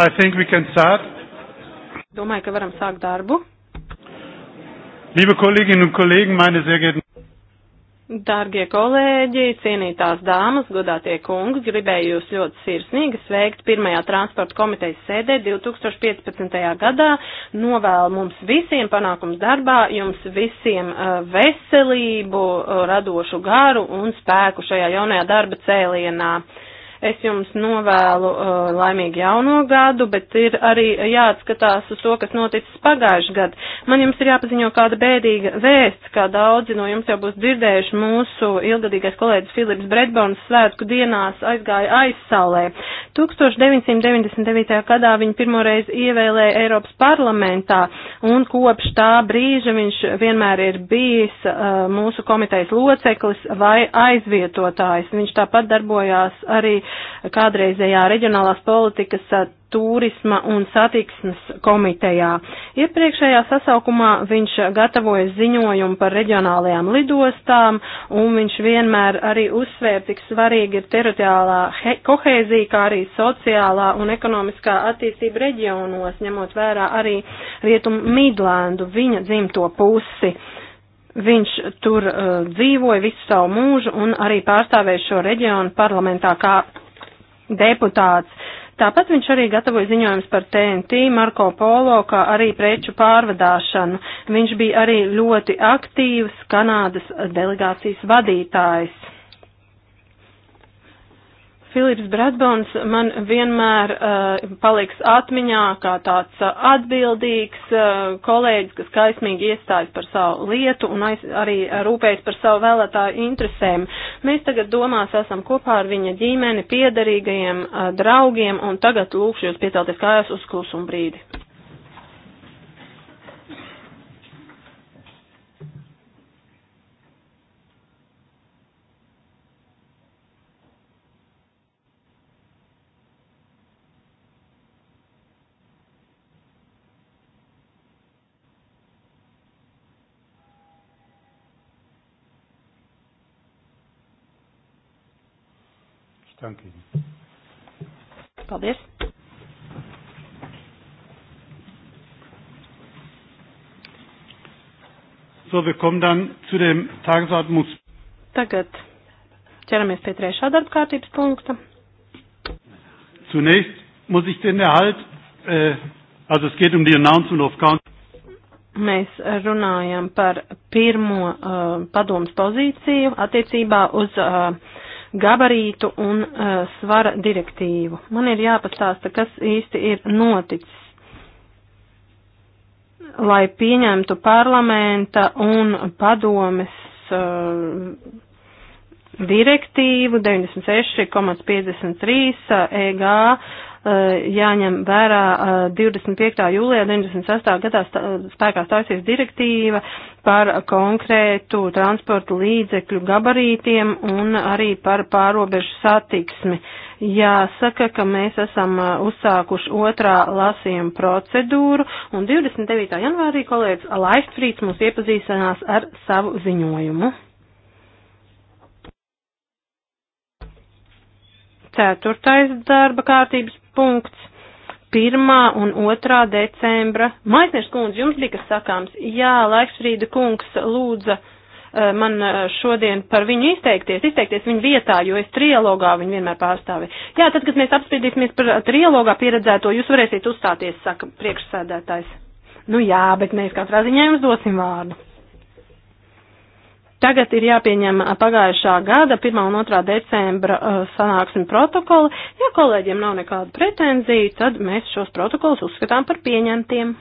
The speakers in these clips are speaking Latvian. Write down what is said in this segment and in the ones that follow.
I think we can start. Domāju, ka varam sākt darbu. Liebe Kolleginnen und Kollegen, meine sehr geehrten Dārgie kolēģi, cienītās dāmas, godātie kungi, gribēju jūs ļoti sirsnīgi sveikt pirmajā transporta komitejas sēdē 2015. gadā. Novēlu mums visiem panākums darbā, jums visiem uh, veselību, radošu garu un spēku šajā jaunajā darba cēlienā. Es jums novēlu uh, laimīgu jauno gadu, bet ir arī jāatskatās uz to, kas noticis pagājuši gadu. Man jums ir jāpaziņo kāda bēdīga vēsts, kā daudzi no jums jau būs dzirdējuši mūsu ilgadīgais kolēģis Filips Bredbons svētku dienās aizgāja aizsalē. 1999. gadā viņa pirmoreiz ievēlēja Eiropas parlamentā un kopš tā brīža viņš vienmēr ir bijis uh, mūsu komitejas loceklis vai aizvietotājs. Viņš tāpat darbojās arī kādreizējā reģionālās politikas turisma un satiksmes komitejā. Iepriekšējā sasaukumā viņš gatavoja ziņojumu par reģionālajām lidostām, un viņš vienmēr arī uzsvēra, cik svarīgi ir teritoriālā kohēzija, kā arī sociālā un ekonomiskā attīstība reģionos, ņemot vērā arī rietumu Midlēndu, viņa dzimto pusi. Uh, Viņš tur uh, dzīvoja visu savu mūžu un arī pārstāvēja šo reģionu parlamentā kā deputāts. Tāpat viņš arī gatavoja ziņojums par TNT, Marko Polo, kā arī preču pārvadāšanu. Viņš bija arī ļoti aktīvs Kanādas delegācijas vadītājs. Filips Bradbons man vienmēr uh, paliks atmiņā kā tāds uh, atbildīgs uh, kolēģis, kas kaismīgi iestājas par savu lietu un aiz, arī rūpējas par savu vēlētāju interesēm. Mēs tagad domās esam kopā ar viņa ģimeni, piederīgajiem uh, draugiem un tagad lūkšu jūs piecelties kājās uz klusumu brīdi. Danke Ihnen. Paldies. So, wir kommen dann zu dem Tagesordnungs... Tagad ķeramies pie trešā darba kārtības punkta. Zunächst muss ich den Erhalt, äh, also es geht um die announcement of council. Mēs runājam par pirmo uh, padomas pozīciju attiecībā uz uh, gabarītu un uh, svara direktīvu. Man ir jāpastāsta, kas īsti ir noticis, lai pieņemtu parlamenta un padomes uh, direktīvu 96,53 EG e, Eh, jāņem vērā 25. Eh, jūlijā 96. gadā spēkā stājusies direktīva par konkrētu transportu līdzekļu gabarītiem un arī par pārobežu satiksmi. Jāsaka, ka mēs esam eh, uzsākuši otrā lasījuma procedūru, un 29. janvārī kolēģis Laistfrīds mūs iepazīstinās ar savu ziņojumu. Ceturtais darba kārtības punkts. 1. un 2. decembra. Maisnieks kundze, jums bija kas sakāms? Jā, Laiksfrīda kungs lūdza eh, man eh, šodien par viņu izteikties, izteikties viņu vietā, jo es trialogā viņu vienmēr pārstāvēju. Jā, tad, kad mēs apspriedīsimies par trialogā pieredzēto, jūs varēsiet uzstāties, saka priekšsēdētājs. Nu jā, bet mēs katrā ziņā jums dosim vārdu. Tagad ir jāpieņem pagājušā gada 1. un 2. decembra uh, sanāksmi protokoli. Ja kolēģiem nav nekāda pretenzija, tad mēs šos protokolus uzskatām par pieņemtiem.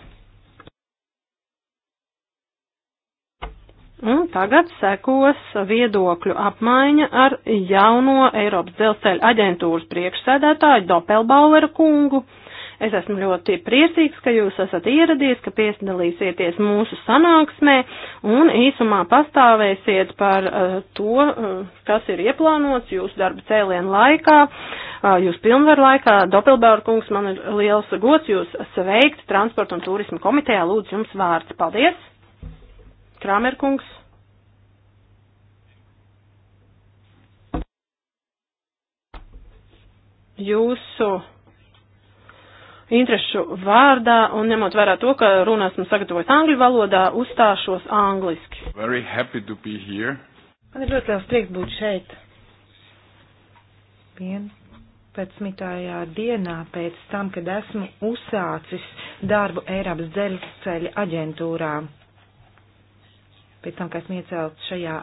Un tagad sekos viedokļu apmaiņa ar jauno Eiropas dzelzceļa aģentūras priekšsēdētāju Dopelbaueru kungu. Es esmu ļoti priecīgs, ka jūs esat ieradies, ka piedalīsieties mūsu sanāksmē un īsumā pastāvēsiet par uh, to, uh, kas ir ieplānots jūsu darba cēlienu laikā, uh, jūsu pilnvaru laikā. Dopelbēra kungs, man ir liels gods jūs sveikt Transporta un turisma komitejā. Lūdzu, jums vārds. Paldies! Kramer kungs. Jūsu interešu vārdā un ņemot vērā to, ka runu esmu sagatavojis angļu valodā, uzstāšos angliski. Man ir ļoti liels prieks būt šeit. 11. dienā pēc tam, kad esmu uzsācis darbu Eiropas dzelzceļa aģentūrā. Pēc tam, kad esmu iecelts šajā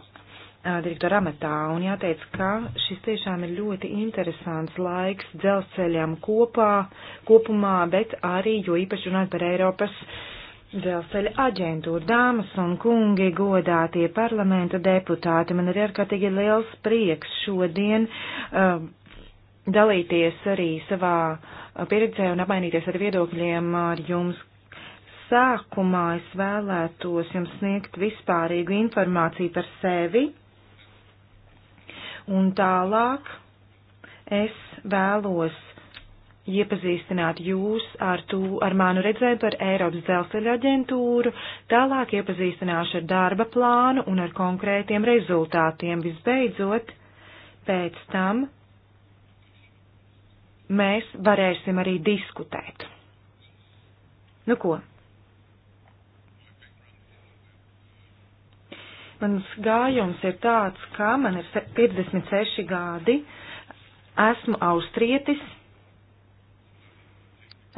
direktora amatā, un jāteic, ka šis tiešām ir ļoti interesants laiks dzelzceļam kopā, kopumā, bet arī, jo īpaši runāt par Eiropas dzelzceļa aģentūru, dāmas un kungi, godātie parlamenta deputāti, man ir ārkārtīgi liels prieks šodien uh, dalīties arī savā pieredzē un apmainīties ar viedokļiem ar jums, sākumā es vēlētos jums sniegt vispārīgu informāciju par sevi, Un tālāk es vēlos iepazīstināt jūs ar, tū, ar manu redzējumu par Eiropas dzelzceļa aģentūru, tālāk iepazīstināšu ar darba plānu un ar konkrētiem rezultātiem. Visbeidzot, pēc tam mēs varēsim arī diskutēt. Nu ko, Mans gājums ir tāds, ka man ir 56 gadi, esmu austrietis,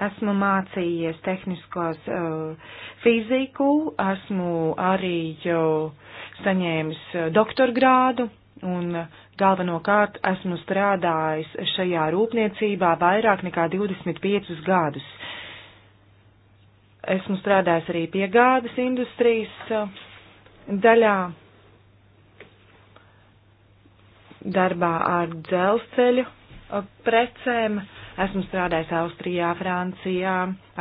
esmu mācījies tehniskos uh, fiziku, esmu arī jau saņēmis uh, doktorgrādu un galvenokārt esmu strādājis šajā rūpniecībā vairāk nekā 25 gadus. Esmu strādājis arī pie gādas industrijas daļā darbā ar dzelzceļu uh, precēm. Esmu strādājis Austrijā, Francijā,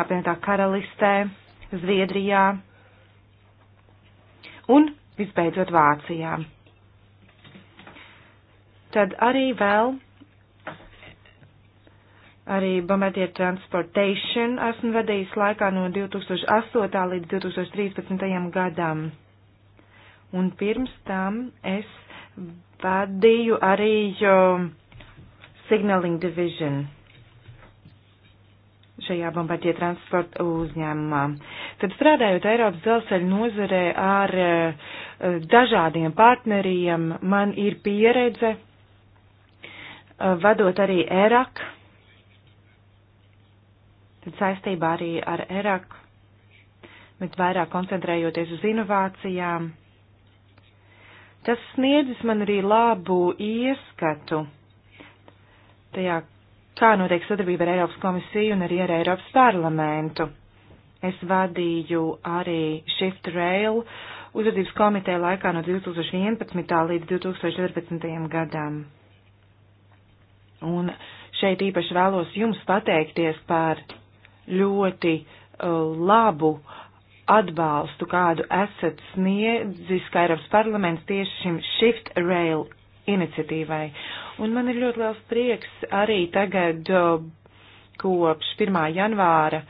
apvienotā karalistē, Zviedrijā un visbeidzot Vācijā. Tad arī vēl Arī Bombardier Transportation esmu vadījis laikā no 2008. līdz 2013. gadam. Un pirms tam es vadīju arī Signaling Division šajā bombardzie transporta uzņēmumā. Tad strādājot Eiropas dzelzceļa nozarē ar eh, dažādiem partneriem, man ir pieredze eh, vadot arī ERAK, tad saistībā arī ar ERAK, bet vairāk koncentrējoties uz inovācijām Tas sniedzis man arī labu ieskatu tajā, kā notiek sadarbība ar Eiropas komisiju un arī ar Eiropas parlamentu. Es vadīju arī Shift Rail uzvedības komiteju laikā no 2011. līdz 2014. gadam. Un šeit īpaši vēlos jums pateikties par ļoti uh, labu uh, atbalstu, kādu esat sniedzis, kā Eiropas parlaments tieši šim Shift Rail iniciatīvai. Un man ir ļoti liels prieks arī tagad kopš 1. janvāra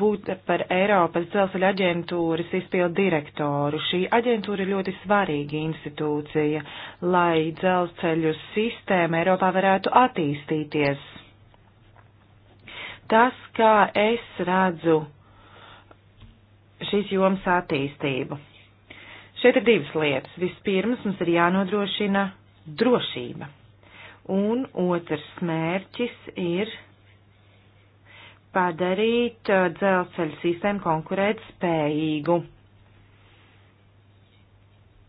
būt par Eiropas dzelzceļa aģentūras izpildu direktoru. Šī aģentūra ir ļoti svarīga institūcija, lai dzelzceļu sistēma Eiropā varētu attīstīties. Tas, kā es redzu šīs jomas attīstību. Šeit ir divas lietas. Vispirms mums ir jānodrošina drošība, un otrs mērķis ir padarīt uh, dzelzceļa sistēmu konkurēt spējīgu.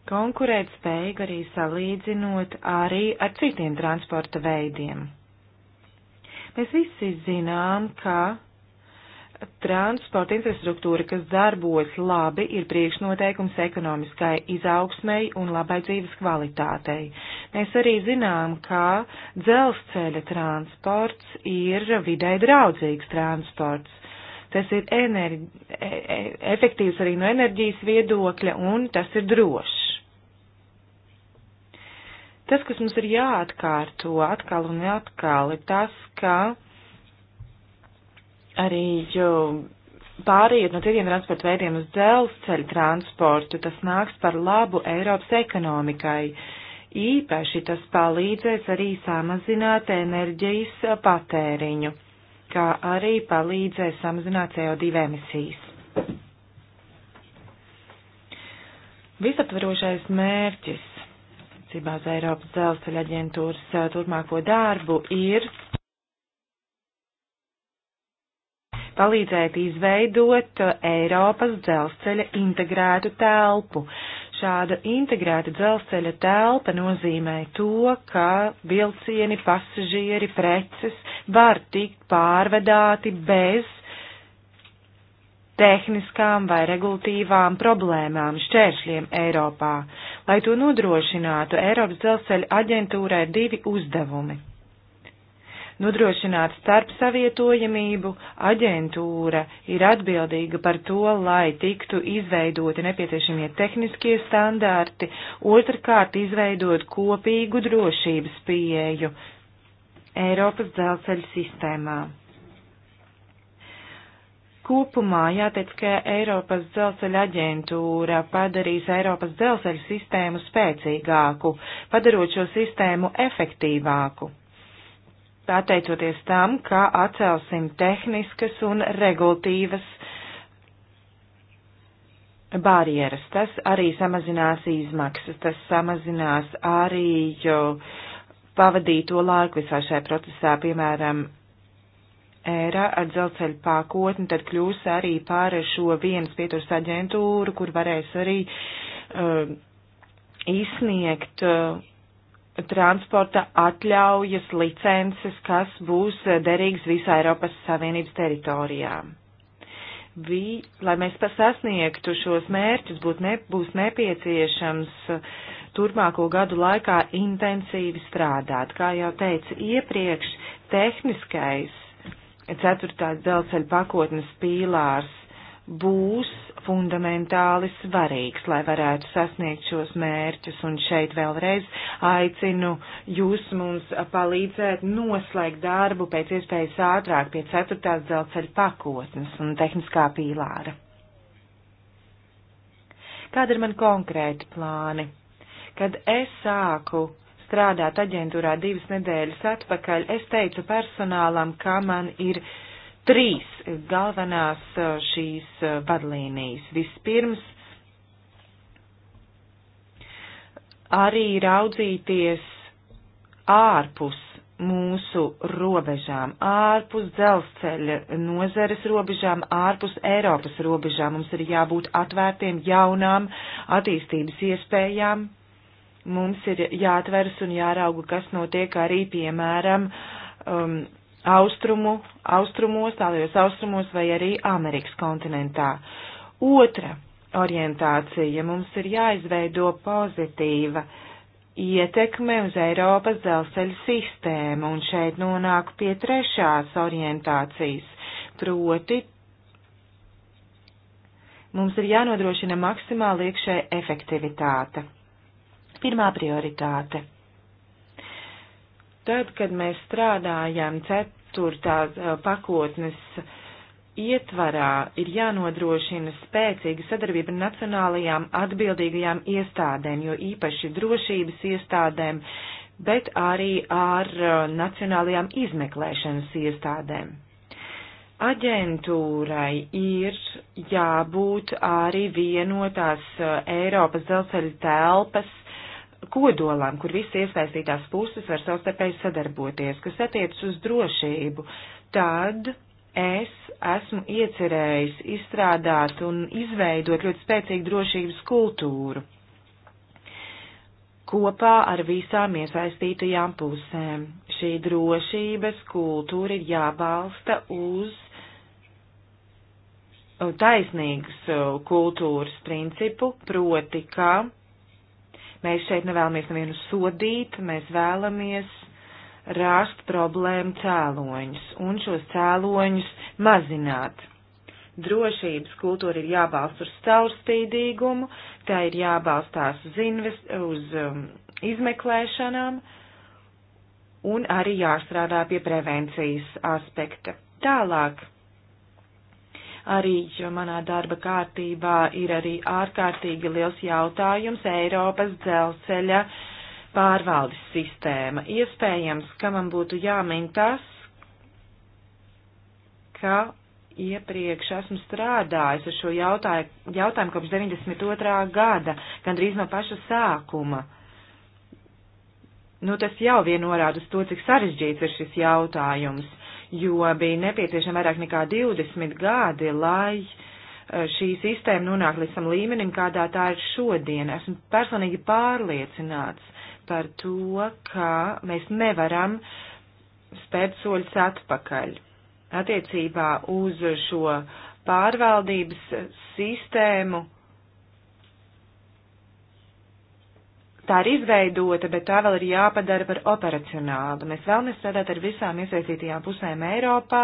Konkurēt spējīgu arī salīdzinot arī ar citiem transporta veidiem. Mēs visi zinām, ka transporta infrastruktūra, kas darbojas labi, ir priekšnoteikums ekonomiskai izaugsmai un labai dzīves kvalitātei. Mēs arī zinām, ka dzelzceļa transports ir vidē draudzīgs transports. Tas ir enerģi, e, e efektīvs arī no enerģijas viedokļa un tas ir drošs. Tas, kas mums ir jāatkārto atkal un atkal, ir tas, ka arī pāriet no citiem transporta veidiem uz dzelzceļa transportu, tas nāks par labu Eiropas ekonomikai. Īpaši tas palīdzēs arī samazināt enerģijas patēriņu, kā arī palīdzēs samazināt CO2 emisijas. Visaptverošais mērķis attiecībā uz Eiropas dzelzceļa aģentūras turpmāko darbu ir palīdzēt izveidot uh, Eiropas dzelzceļa integrētu telpu. Šāda integrēta dzelzceļa telpa nozīmē to, ka vilcieni, pasažieri, preces var tikt pārvedāti bez tehniskām vai regulatīvām problēmām, šķēršļiem Eiropā. Lai to nodrošinātu, Eiropas dzelzceļa aģentūrai ir divi uzdevumi nodrošināt starpsavietojamību, aģentūra ir atbildīga par to, lai tiktu izveidoti nepieciešamie tehniskie standarti, otrkārt izveidot kopīgu drošības pieeju Eiropas dzelzceļa sistēmā. Kopumā jāteic, ka Eiropas dzelzceļa aģentūra padarīs Eiropas dzelzceļa sistēmu spēcīgāku, padarot šo sistēmu efektīvāku pateicoties tam, ka atcelsim tehniskas un regulatīvas barjeras. Tas arī samazinās izmaksas, tas samazinās arī pavadīto laiku visā šajā procesā, piemēram, ērā ar dzelceļu pakotni, tad kļūs arī pār šo vienas pieturas aģentūru, kur varēs arī uh, izsniegt uh, transporta atļaujas, licences, kas būs derīgas visā Eiropas Savienības teritorijā. Vi, lai mēs sasniegtu šos mērķus, būt ne, būs nepieciešams turpmāko gadu laikā intensīvi strādāt. Kā jau teicu iepriekš, tehniskais ceturtās dzelceļa pakotnes pīlārs būs fundamentāli svarīgs, lai varētu sasniegt šos mērķus. Un šeit vēlreiz aicinu jūs mums palīdzēt noslēgt darbu pēc iespējas ātrāk pie ceturtās dzelceļa pakotnes un tehniskā pīlāra. Kādi ir man konkrēti plāni? Kad es sāku strādāt aģentūrā divas nedēļas atpakaļ, es teicu personālam, ka man ir uh, trīs galvenās šīs vadlīnijas. Vispirms arī raudzīties ārpus mūsu robežām, ārpus dzelzceļa nozares robežām, ārpus Eiropas robežām. Mums ir jābūt atvērtiem jaunām attīstības iespējām. Mums ir jāatveras un jārauga, kas notiek arī, piemēram, um, austrumu, austrumos, tālajos austrumos vai arī Amerikas kontinentā. Otra orientācija mums ir jāizveido pozitīva ietekme uz Eiropas dzelzceļa sistēmu, un šeit nonāk pie trešās orientācijas, proti mums ir jānodrošina maksimāla iekšē efektivitāte. Pirmā prioritāte Tad, kad mēs strādājam ceturtās pakotnes ietvarā, ir jānodrošina spēcīga sadarbība ar nacionālajām atbildīgajām iestādēm, jo īpaši drošības iestādēm, bet arī ar nacionālajām izmeklēšanas iestādēm aģentūrai ir jābūt arī vienotās Eiropas dzelzceļa telpas kodolam, kur visas iesaistītās puses var savstarpēji sadarboties, kas attiecas uz drošību, tad es esmu iecerējis izstrādāt un izveidot ļoti spēcīgu drošības kultūru kopā ar visām iesaistītajām pusēm. Šī drošības kultūra ir jābalsta uz taisnīgas uh, kultūras principu, proti, ka Mēs šeit nevēlamies nevienu sodīt, mēs vēlamies rāst problēmu cēloņus un šos cēloņus mazināt. Drošības kultūra ir jābalsta uz caurspīdīgumu, tā ir jābalstās uz, invest, uz um, izmeklēšanām un arī jāstrādā pie prevencijas aspekta. Tālāk Arī manā darba kārtībā ir arī ārkārtīgi liels jautājums Eiropas dzelceļa pārvaldes sistēma. Iespējams, ka man būtu jāmin tas, ka iepriekš esmu strādājis ar šo jautāju, jautājumu kopš 92. gada, gandrīz no paša sākuma. Nu, tas jau vien norāda uz to, cik sarežģīts ir šis jautājums jo bija nepieciešama vairāk nekā 20 gadi, lai eh, šī sistēma nonāk līdz tam līmenim, kādā tā ir šodien. Esmu personīgi pārliecināts par to, ka mēs nevaram spērt soļus atpakaļ attiecībā uz šo pārvaldības sistēmu tā ir izveidota, bet tā vēl ir jāpadara par operacionālu. Mēs vēlamies strādāt ar visām iesaistītajām pusēm Eiropā,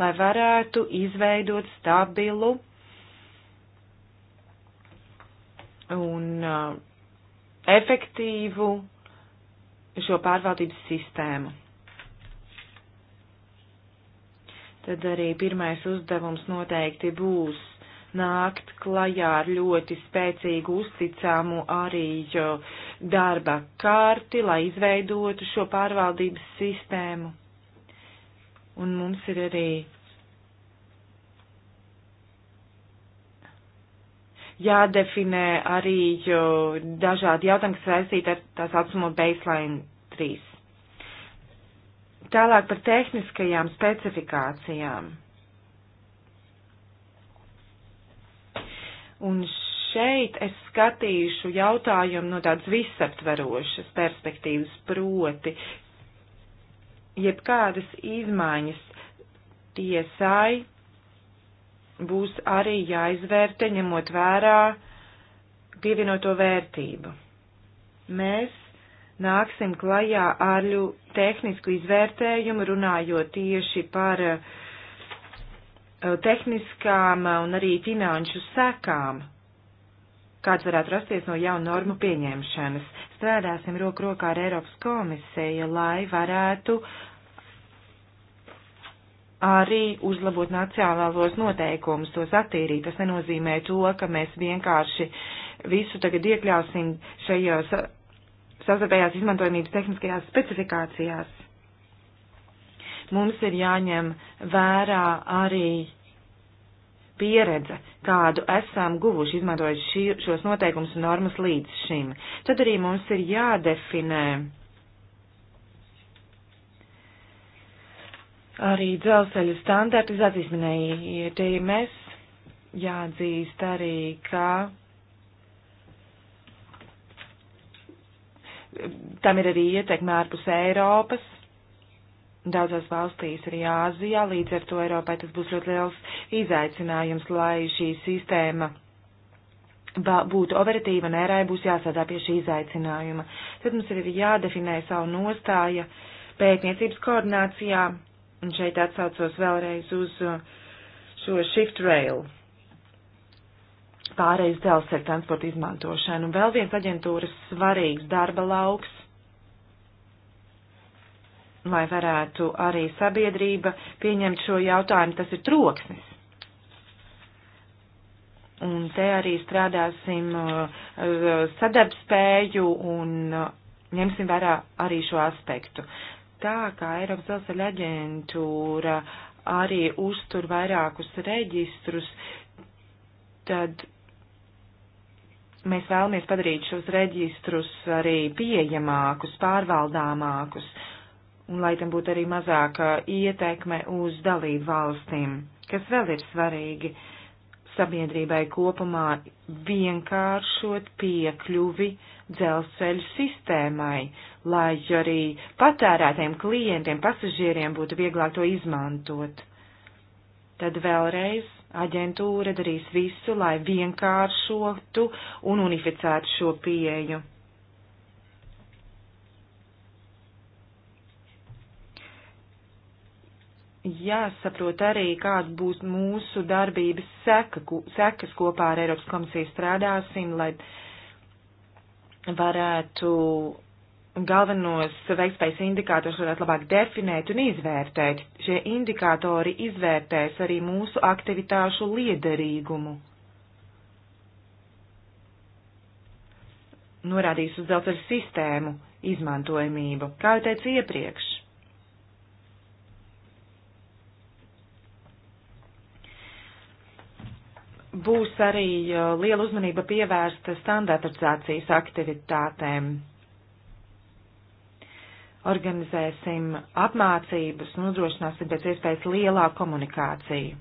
lai varētu izveidot stabilu un uh, efektīvu šo pārvaldības sistēmu. Tad arī pirmais uzdevums noteikti būs nākt klajā ar ļoti spēcīgu uzticamu arī darba karti, lai izveidotu šo pārvaldības sistēmu. Un mums ir arī jādefinē arī dažādi jautājumi, kas saistīti ar tā saucamo baseline 3. Tālāk par tehniskajām specifikācijām. Un šeit es skatīšu jautājumu no tādas visaptverošas perspektīvas, proti, jebkādas izmaiņas tiesai būs arī jāizvērtē, ņemot vērā pievienoto vērtību. Mēs nāksim klajā ar tehnisku izvērtējumu, runājot tieši par uh, Eh, tehniskām eh, un arī finanšu sekām, kāds varētu rasties no jaunu normu pieņemšanas. Strādāsim roku rokā ar Eiropas komisiju, lai varētu arī uzlabot nacionālos noteikumus, tos attīrīt. Tas nenozīmē to, ka mēs vienkārši visu tagad iekļausim šajos savstarpējās izmantojamības tehniskajās specifikācijās mums ir jāņem vērā arī pieredze, kādu esam guvuši, izmantojot šī, šos noteikumus un normas līdz šim. Tad arī mums ir jādefinē arī dzelzceļa standartizācijas minēja, tie mēs jāatzīst arī, ka tam ir arī ietekme ārpus Eiropas daudzās valstīs, arī Āzijā, līdz ar to Eiropai tas būs ļoti liels izaicinājums, lai šī sistēma būtu operatīva un ērai būs jāsādā pie šī izaicinājuma. Tad mums ir jādefinē savu nostāju pētniecības koordinācijā, un šeit atsaucos vēlreiz uz uh, šo shift rail pārējais dzelzceļa transporta izmantošanu. Un vēl viens aģentūras svarīgs darba lauks lai varētu arī sabiedrība pieņemt šo jautājumu, tas ir troksnis. Un te arī strādāsim uh, uh, sadarbspēju un uh, ņemsim vērā arī šo aspektu. Tā kā Eiropas dzelzceļa aģentūra arī uztur vairākus reģistrus, tad mēs vēlamies padarīt šos reģistrus arī pieejamākus, pārvaldāmākus. Uh, un lai tam būtu arī mazāka ietekme uz dalību valstīm. Kas vēl ir svarīgi sabiedrībai kopumā vienkāršot piekļuvi dzelzceļu sistēmai, lai arī patērētiem klientiem, pasažieriem būtu vieglāk to izmantot. Tad vēlreiz aģentūra darīs visu, lai vienkāršotu un unificētu šo pieeju. jāsaprot arī, kāda būs mūsu darbības seka, sekas kopā ar Eiropas komisiju strādāsim, lai varētu galvenos veiktspējas indikātors varētu labāk definēt un izvērtēt. Šie indikātori izvērtēs arī mūsu aktivitāšu liederīgumu. Norādīs uz dzelzceļa sistēmu izmantojamību, kā jau teicu iepriekš būs arī uh, liela uzmanība pievērsta standartizācijas aktivitātēm. Organizēsim apmācības un nodrošināsim pēc iespējas lielāku komunikāciju.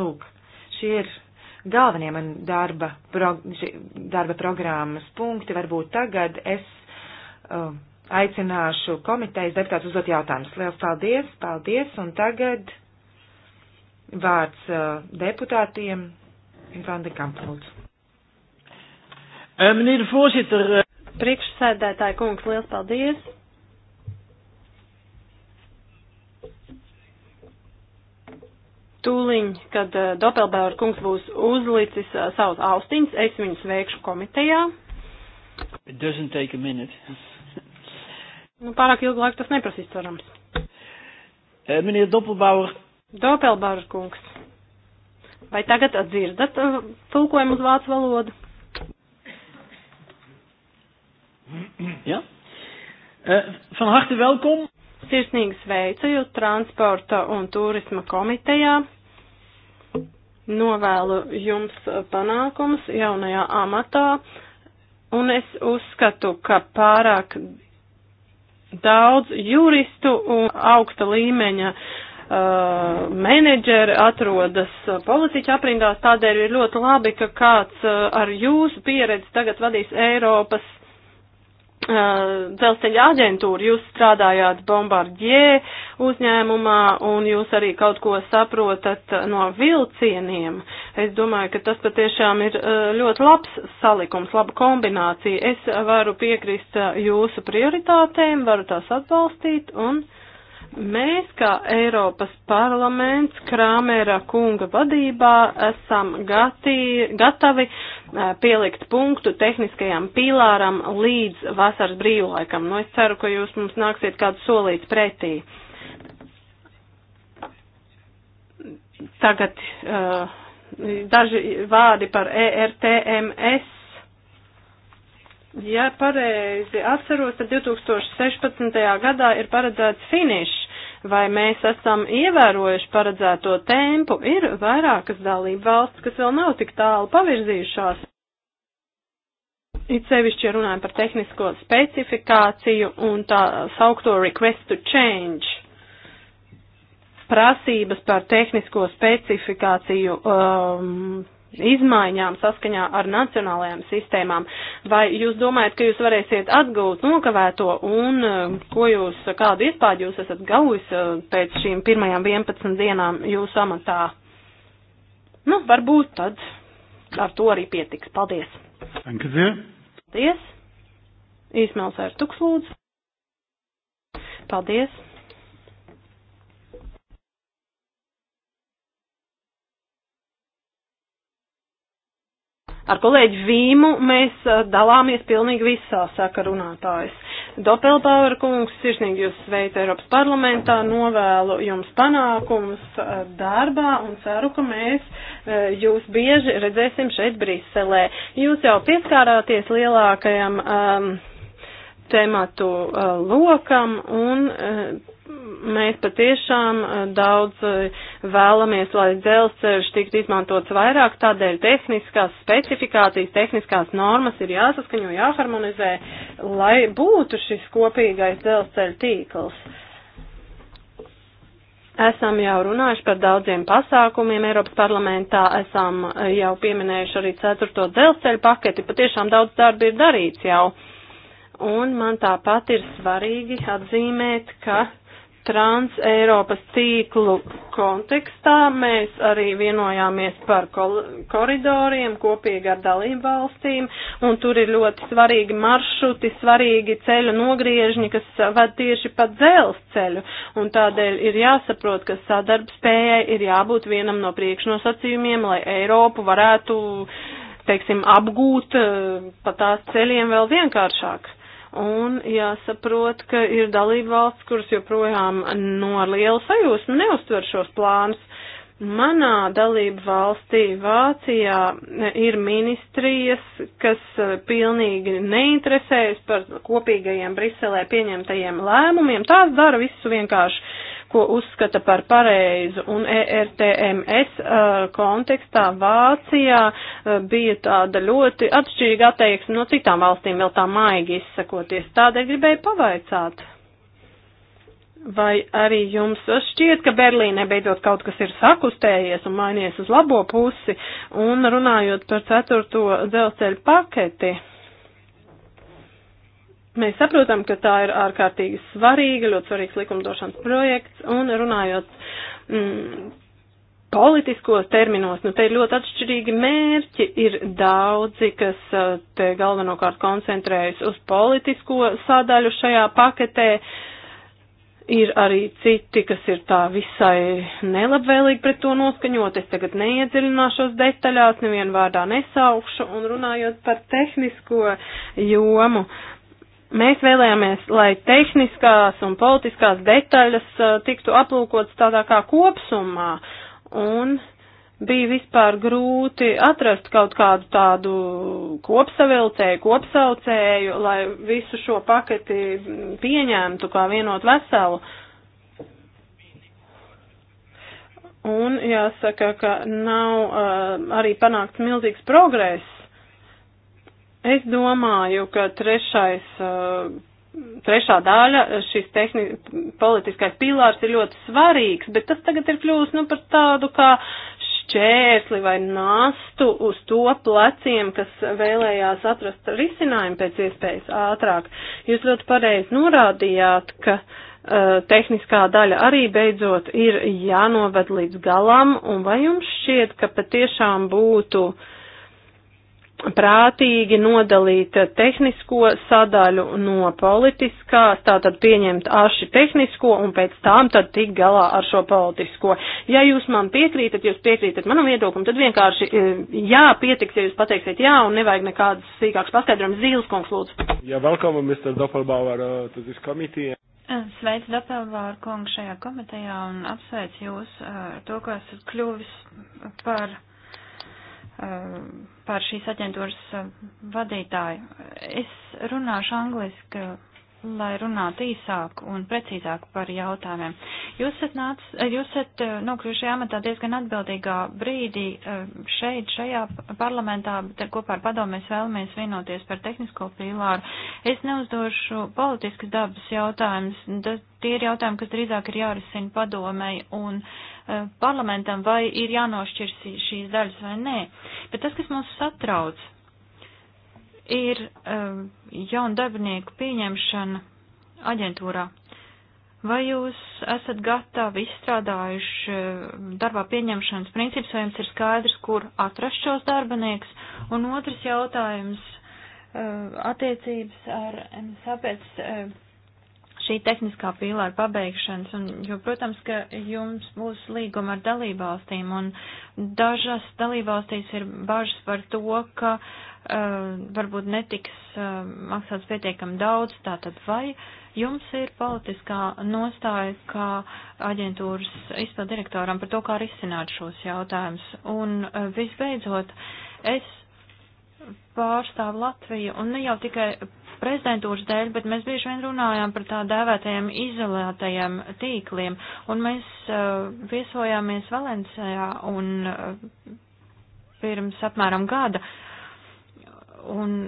Lūk, šie ir galvenie man darba, pro, darba programmas punkti. Varbūt tagad es uh, aicināšu komitejas deputātus uzdot jautājumus. Lielas paldies, paldies, un tagad Vārds uh, deputātiem Vanda Kampulds. Uh, meneer de voorzitter. Uh, Priekšsēdētāji kungs, liels paldies. Tūliņ, kad uh, Dopelbēra kungs būs uzlicis uh, savus austiņus, es viņus veikšu komitejā. It doesn't take a minute. nu, pārāk ilgu laiku tas neprasīs, cerams. Uh, meneer Doppelbauer, Dopelbāžu kungs, vai tagad dzirdat uh, tulkojumu uz vācu valodu? Ja? Eh, van harte welkom. Sirsnīgi sveicu jūs transporta un turisma komitejā. Novēlu jums panākums jaunajā amatā, un es uzskatu, ka pārāk daudz juristu un augsta līmeņa uh, uh, menedžeri atrodas politiķa aprindās, tādēļ ir ļoti labi, ka kāds uh, ar jūsu pieredzi tagad vadīs Eiropas uh, dzelzceļa aģentūru. Jūs strādājāt Bombardie uzņēmumā un jūs arī kaut ko saprotat no vilcieniem. Es domāju, ka tas patiešām ir uh, ļoti labs salikums, laba kombinācija. Es varu piekrist uh, jūsu prioritātēm, varu tās atbalstīt un. Uh, Mēs, kā Eiropas parlaments, Krāmēra kunga vadībā, esam gati, gatavi pielikt punktu tehniskajam pīlāram līdz vasaras brīvlaikam. Nu, es ceru, ka jūs mums nāksiet kādu solīt pretī. Tagad uh, daži vārdi par ERTMS Ja pareizi atceros, tad 2016. gadā ir paredzēts finišs. Vai mēs esam ievērojuši paredzēto tempu? Ir vairākas dalība valsts, kas vēl nav tik tālu pavirzījušās. It sevišķi, ja runājam par tehnisko specifikāciju un tā saukto request to change prasības par tehnisko specifikāciju um, izmaiņām saskaņā ar nacionālajām sistēmām. Vai jūs domājat, ka jūs varēsiet atgūt nokavēto un eh, ko jūs, kādu iespēju jūs esat gauvis eh, pēc šīm pirmajām 11 dienām jūsu amatā? Nu, varbūt tad ar to arī pietiks. Paldies! Danke sehr! Paldies! Īsmēls ar tukslūdzu! Paldies! Ar kolēģi Vīmu mēs eh, dalāmies pilnīgi visā, saka runātājs. Dopelbauer kungs, sirsnīgi jūs sveicu Eiropas parlamentā, novēlu jums panākumus eh, darbā un ceru, ka mēs eh, jūs bieži redzēsim šeit Briselē. Jūs jau pieskārāties lielākajam um, tematu uh, lokam un uh, mēs patiešām daudz vēlamies, lai dzelzceļš tiktu izmantots vairāk, tādēļ tehniskās specifikācijas, tehniskās normas ir jāsaskaņo, jāharmonizē, lai būtu šis kopīgais dzelzceļa tīkls. Esam jau runājuši par daudziem pasākumiem Eiropas parlamentā, esam jau pieminējuši arī ceturto dzelzceļa paketi, patiešām daudz darba ir darīts jau. Un man tāpat ir svarīgi atzīmēt, ka Trans-Eiropas tīklu kontekstā mēs arī vienojāmies par koridoriem kopīgi ar dalību valstīm, un tur ir ļoti svarīgi maršruti, svarīgi ceļu nogriežņi, kas ved tieši pa dzelzceļu, un tādēļ ir jāsaprot, ka sadarbspējai ir jābūt vienam no priekšnosacījumiem, lai Eiropu varētu, teiksim, apgūt eh, pa tās ceļiem vēl vienkāršāk. Un jāsaprot, ka ir dalība valsts, kuras joprojām no liela sajūsma neuztver šos plānus. Manā dalība valstī Vācijā ir ministrijas, kas pilnīgi neinteresējas par kopīgajiem Briselē pieņemtajiem lēmumiem. Tās dara visu vienkārši ko uzskata par pareizu. Un ERTMS uh, kontekstā Vācijā uh, bija tāda ļoti atšķirīga attieksme no citām valstīm, vēl tā maigi izsakoties. Tādēļ gribēju pavaicāt. Vai arī jums šķiet, ka Berlīnē beidzot kaut kas ir sakustējies un mainījies uz labo pusi, un runājot par ceturto dzelzceļu paketi? Mēs saprotam, ka tā ir ārkārtīgi svarīga, ļoti svarīgs likumdošanas projekts, un runājot mm, politiskos terminos, nu te ir ļoti atšķirīgi mērķi, ir daudzi, kas uh, te galvenokārt koncentrējas uz politisko sadaļu šajā paketē, ir arī citi, kas ir tā visai nelabvēlīgi pret to noskaņot, es tagad neiedziļināšos detaļās, nevienu vārdā nesaukšu, un runājot par tehnisko jomu, Mēs vēlējāmies, lai tehniskās un politiskās detaļas uh, tiktu aplūkots tādā kā kopsumā, un bija vispār grūti atrast kaut kādu tādu kopsavilcēju, kopsaucēju, lai visu šo paketi pieņemtu kā vienot veselu. Un jāsaka, ka nav uh, arī panākts milzīgs progress Es domāju, ka trešais, eh, trešā daļa, šis tehni, politiskais pīlārs ir ļoti svarīgs, bet tas tagad ir kļūst nu, par tādu kā šķērsli vai nastu uz to pleciem, kas vēlējās atrast risinājumu pēc iespējas ātrāk. Jūs ļoti pareizi norādījāt, ka uh, tehniskā daļa arī beidzot ir jānoved līdz galam, un vai jums šķiet, ka patiešām būtu uh, prātīgi nodalīt tehnisko sadaļu no politiskās, tātad pieņemt aši tehnisko un pēc tām tad tik galā ar šo politisko. Ja jūs man piekrītat, jūs piekrītat manam viedoklim, tad vienkārši e, jā, pietiks, ja jūs pateiksiet jā un nevajag nekādas sīkākas paskaidrojumas. Zīles kungs, lūdzu. Jā, welcome, Mr. Doppelbauer, uh, to this committee. E, sveic, Doppelbauer kungs, šajā komitejā un apsveic jūs ar e, uh, to, ka esat kļuvis par Uh, par šīs aģentūras uh, vadītāju. Es runāšu angliski, lai runātu īsāk un precīzāk par jautājumiem. Jūs esat, nāc, uh, jūs esat nokļuvuši amatā diezgan atbildīgā brīdī šeit, šajā parlamentā, kopā ar padomu mēs vēlamies vienoties par tehnisko pīlāru. Es neuzdošu politiskas dabas jautājumus, tie ir jautājumi, kas drīzāk ir jārisina padomei un uh, Eh, parlamentam, vai ir jānošķir šīs daļas vai nē. Bet tas, kas mums satrauc, ir eh, jaunu darbinieku pieņemšana aģentūrā. Vai jūs esat gatavi izstrādājuši eh, darbā pieņemšanas principus, vai jums ir skaidrs, kur atrast šos darbinieks? Un otrs jautājums attiecības ar sapēc šī tehniskā pīlāra pabeigšanas, un, jo, protams, ka jums būs līguma ar dalībvalstīm, un dažas dalībvalstīs ir bažas par to, ka uh, varbūt netiks uh, maksāts pietiekam daudz, tātad vai jums ir politiskā nostāja, kā aģentūras izpildirektoram par to, kā risināt šos jautājumus, un uh, visbeidzot, es pārstāvu Latviju, un ne jau tikai prezidentūras dēļ, bet mēs bieži vien runājām par tā dēvētajiem izolētajiem tīkliem, un mēs uh, viesojāmies Valencijā un uh, pirms apmēram gada, un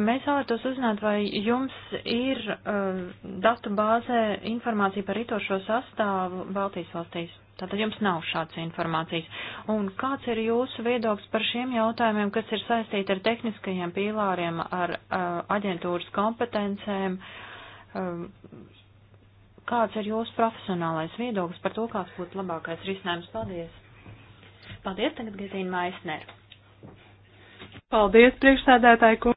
mēs vēlētos uzzināt, vai jums ir uh, datu bāzē informācija par rītošo sastāvu Baltijas valstīs. Tātad jums nav šādas informācijas. Un kāds ir jūsu viedoklis par šiem jautājumiem, kas ir saistīti ar tehniskajiem pīlāriem, ar uh, aģentūras kompetencēm? Uh, kāds ir jūsu profesionālais viedoklis par to, kāds būtu labākais risinājums? Paldies! Paldies, tagad Gezīna Maisner. Paldies, priekšsēdētāji kungs.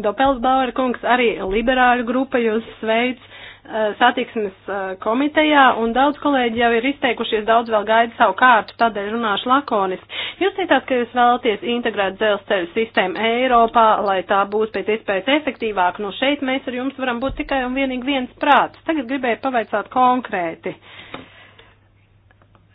Dopelsbauer kungs, arī liberāļu grupa jūs sveic. Eh, satiksmes eh, komitejā, un daudz kolēģi jau ir izteikušies, daudz vēl gaida savu kārtu, tādēļ runāšu lakoniski. Jūs teicāt, ka jūs vēlaties integrēt dzelzceļu sistēmu Eiropā, lai tā būtu pēc iespējas efektīvāk. Nu, šeit mēs ar jums varam būt tikai un vienīgi viens prāts. Tagad gribēju pavaicāt konkrēti. Uh,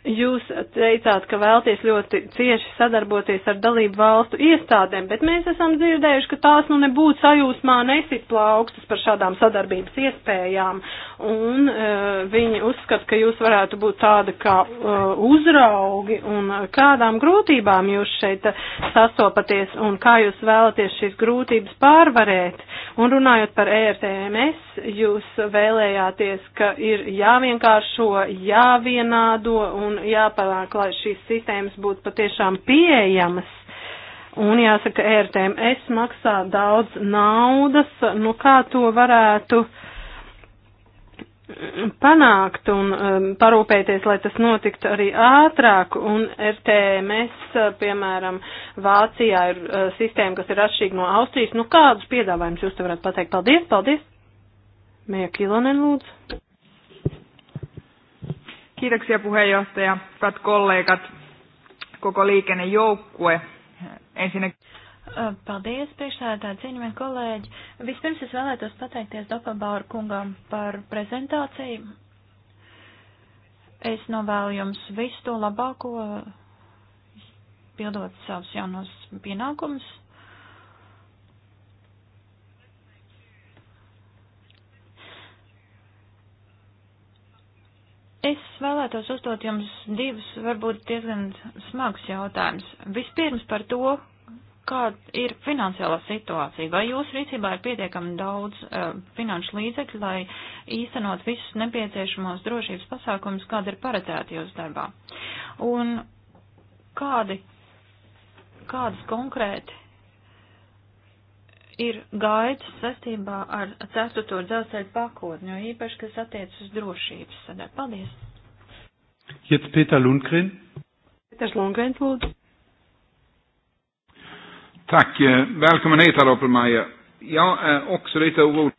Jūs teicāt, ka vēlties ļoti cieši sadarboties ar dalību valstu iestādēm, bet mēs esam dzirdējuši, ka tās nu nebūtu sajūsmā nesit plaukstus par šādām sadarbības iespējām, un uh, viņi uzskata, ka jūs varētu būt tāda kā uh, uzraugi, un kādām grūtībām jūs šeit sastopaties, un kā jūs vēlaties šīs grūtības pārvarēt. Un runājot par ERTMS, jūs vēlējāties, ka ir jāvienkāršo, jāvienādo, un un jāpanāk, lai šīs sistēmas būtu patiešām pieejamas. Un jāsaka, ērtēms maksā daudz naudas, nu kā to varētu panākt un um, parūpēties, lai tas notiktu arī ātrāk. Un RTMS, piemēram, Vācijā ir uh, sistēma, kas ir atšķirīga no Austrijas. Nu, kādus piedāvājumus jūs te varētu pateikt? Paldies, paldies! Mēja Kilonen lūdzu. Kiitoksia puheenjohtaja, hyvät kollegat, koko liikennejoukkue. Ensinnäkin. Paldies, priekšsēdētāji, cienījamie kolēģi. Vispirms es vēlētos pateikties Dopabaur kungam par prezentāciju. Es novēlu jums visu to labāko, pildot savus jaunos pienākumus. Es vēlētos uzdot jums divus, varbūt diezgan smagus jautājumus. Vispirms par to, kāda ir finansiālā situācija. Vai jūsu rīcībā ir pietiekami daudz uh, finanšu līdzekļu, lai īstenot visus nepieciešamos drošības pasākumus, kāda ir paredzēta jūsu darbā? Un kādi, kādas konkrēti ir gaitas saistībā ar ceturto dzelzceļu pakotni, jo īpaši, kas attiec uz drošības sadaļu. Paldies! Jetzt Peter Lundgren. Peters Lundgren, lūdzu. Tack. Eh, välkommen hit, herr Oppelmeier. Jag är eh, också lite orolig.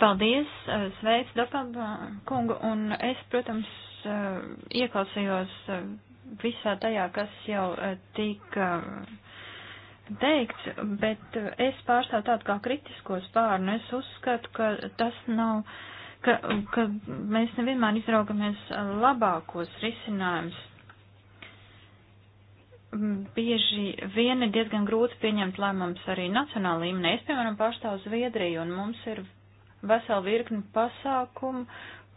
Paldies, eh, sveic Dopalba kungu, un es, protams, ieklausījos visā tajā, kas jau tika teikts, bet es pārstāvu tādu kā kritisko spārnu. Es uzskatu, ka tas nav, ka, ka mēs nevienmēr izraugamies labākos risinājumus. Bieži vien ir diezgan grūti pieņemt lēmums arī nacionāla līmenī. Es, piemēram, pārstāvu Zviedriju un mums ir vesela virkni pasākumu,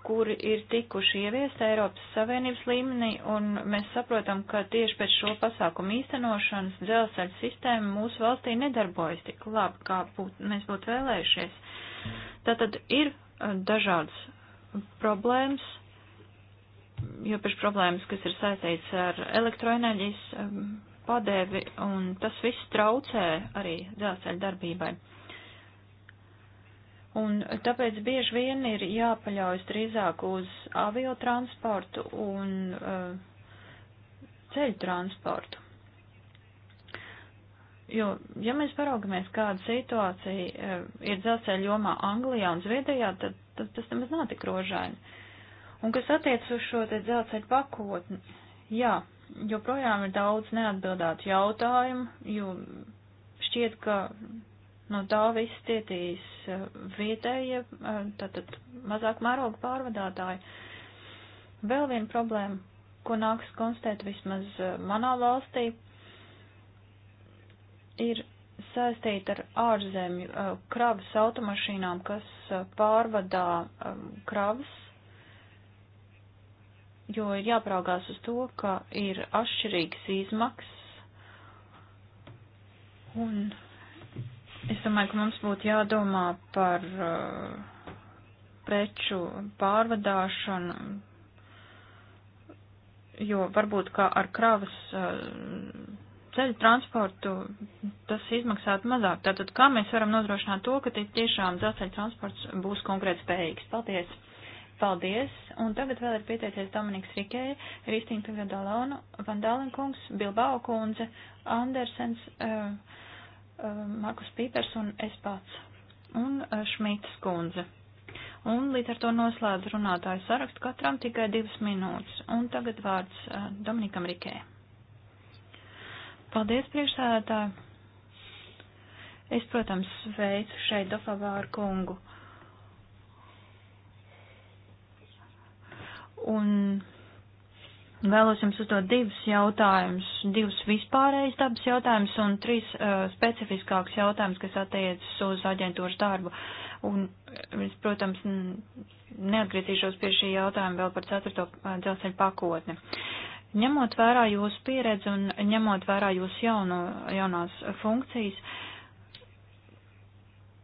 kuri ir tikuši ieviesti Eiropas Savienības līmenī, un mēs saprotam, ka tieši pēc šo pasākumu īstenošanas dzelzceļa sistēma mūsu valstī nedarbojas tik labi, kā būt, mēs būtu vēlējušies. Tātad ir eh, dažādas problēmas, jo pēc problēmas, kas ir saistīts ar elektroenerģijas eh, padēvi, un tas viss traucē arī dzelzceļa darbībai. Un tāpēc bieži vien ir jāpaļaujas drīzāk uz aviotransportu un uh, ceļu transportu. Jo, ja mēs paraugamies, kāda situācija uh, ir dzelzceļa jomā Anglijā un Zviedrijā, tad, tad tas nemaz nav tik rožaini. Un kas attiec uz šo te dzelzceļa pakotni, jā, joprojām ir daudz neatbildētu jautājumu, jo šķiet, ka No nu, tā viss cietīs eh, vietējie, eh, tātad mazāk mēroga pārvadātāji. Vēl viena problēma, ko nāks konstatēt vismaz eh, manā valstī, ir saistīta ar ārzemju kravas automašīnām, kas pārvadā kravas, jo ir jāpraugās uz to, ka ir atšķirīgas izmaksas un Es domāju, ka mums būtu jādomā par uh, preču pārvadāšanu, jo varbūt kā ar kravas uh, ceļu transportu tas izmaksātu mazāk. Tātad, kā mēs varam nodrošināt to, ka tiešām dzelzceļa transports būs konkrēti spējīgs? Paldies! Paldies! Un tagad vēl ir pieteicies Dominiks Rikēja, Ristīna Pivadalona, Vandālenkungs, Bilbao kundze, Andersens. Uh, Uh, Markus Pīpers un es pats un uh, Šmītas kundze. Un līdz ar to noslēdz runātāju sarakstu katram tikai divas minūtes. Un tagad vārds uh, Dominikam Rikē. Paldies, priekšsēdētāji! Es, protams, veicu šeit Dofavāru kungu. Un Vēlos jums uzdot divus jautājumus, divus vispārējus dabas jautājumus un trīs uh, specifiskākus jautājumus, kas attiecas uz aģentūras darbu. Un eh, es, protams, neatgriezīšos pie šī jautājuma vēl par ceturto uh, dzelzceļa pakotni. Ņemot vērā jūsu pieredzi un ņemot vērā jūsu jauno, jaunās funkcijas, uh,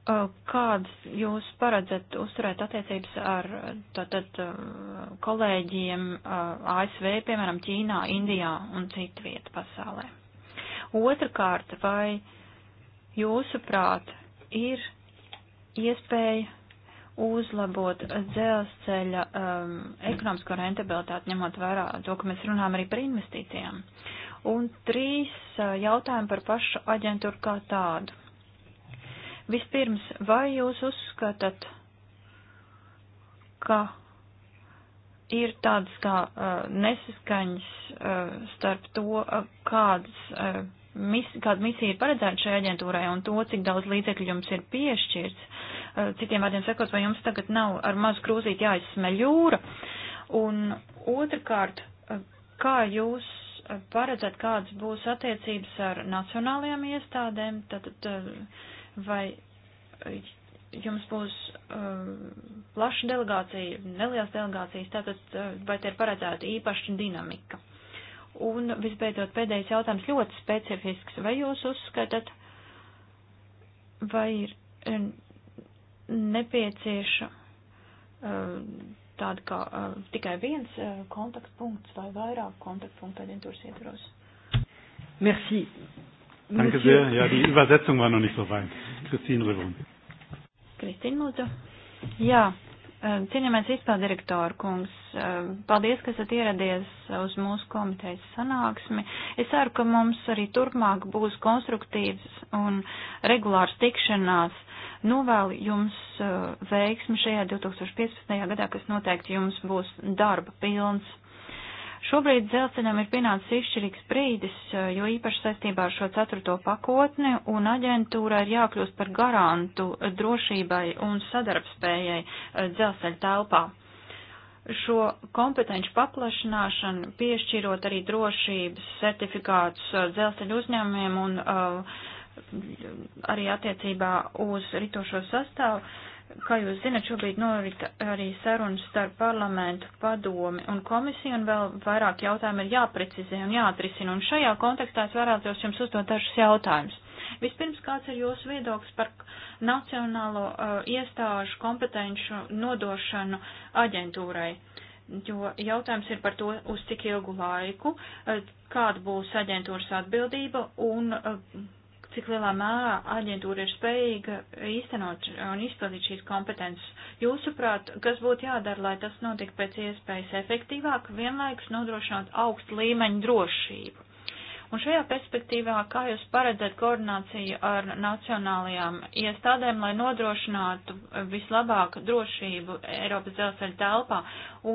Kādas jūs paredzat uzturēt attiecības ar tātad kolēģiem ASV, piemēram, Ķīnā, Indijā un citu vietu pasaulē? Otrakārt, vai jūsuprāt ir iespēja uzlabot dzelzceļa um, ekonomisko rentabilitāti, ņemot vērā to, ka mēs runājam arī par investīcijām? Un trīs uh, jautājumi par pašu aģentūru kā tādu Vispirms, vai jūs uzskatāt, ka ir tādas kā uh, nesaskaņas uh, starp to, uh, kādas, uh, mis, kāda misija ir paredzēta šai aģentūrai un to, cik daudz līdzekļu jums ir piešķirts. Uh, citiem vārdiem sakot, vai jums tagad nav ar mazu krūzīti jāizsmeļ jūra? Un otrkārt, uh, kā jūs paredzat, kādas būs attiecības ar nacionālajām iestādēm? Tad, tad, uh, vai e, jums būs um, plaša delegācija, nelielas delegācijas, tātad e, vai te ir paredzēta īpaša dinamika? Un visbeidzot, pēdējais jautājums ļoti specifisks. Vai jūs uzskatāt, vai ir nepiecieša um, tāda kā um, tikai viens kontaktpunkts vai vairāk kontaktpunktu aģentūras ietvaros? Merci. Danke sehr. Ja, die Übersetzung war noch nicht so weit. Christine Rivon. Kristīna, lūdzu. Jā, um, cienījamais izpildirektora kungs, um, paldies, ka esat ieradies uz mūsu komitejas sanāksmi. Es ceru, ka mums arī turpmāk būs konstruktīvs un regulārs tikšanās. Novēlu nu, jums uh, veiksmi šajā 2015. gadā, kas noteikti jums būs darba pilns. Šobrīd dzelzceļam ir pienācis izšķirīgs brīdis, eh, jo īpaši saistībā ar šo ceturto pakotni un aģentūrai ir jākļūst par garantu drošībai un sadarbspējai eh, dzelzceļa telpā. Šo kompetenci paplašināšanu, piešķirot arī drošības certifikātus eh, dzelzceļa uzņēmumiem un uh, arī attiecībā uz ritošo sastāvu, uh, Kā jūs zinat, šobrīd norit arī sarunas starp parlamentu padomi un komisiju, un vēl vairāk jautājumu ir jāprecizē un jāatrisina, un šajā kontekstā es vēlētos jums uzdot dažus jautājumus. Vispirms, kāds ir jūsu viedoklis par nacionālo uh, iestāžu kompetenšu nodošanu aģentūrai? Jo jautājums ir par to, uz cik ilgu laiku, uh, kāda būs aģentūras atbildība un uh, cik lielā mērā aģentūra ir spējīga īstenot un izpildīt šīs kompetences. Jūsuprāt, kas būtu jādara, lai tas notiktu pēc iespējas efektīvāk, vienlaikus nodrošinot augstu līmeņu drošību? Un šajā perspektīvā, kā jūs paredzat koordināciju ar nacionālajām iestādēm, lai nodrošinātu vislabāku drošību Eiropas dzelzceļa telpā?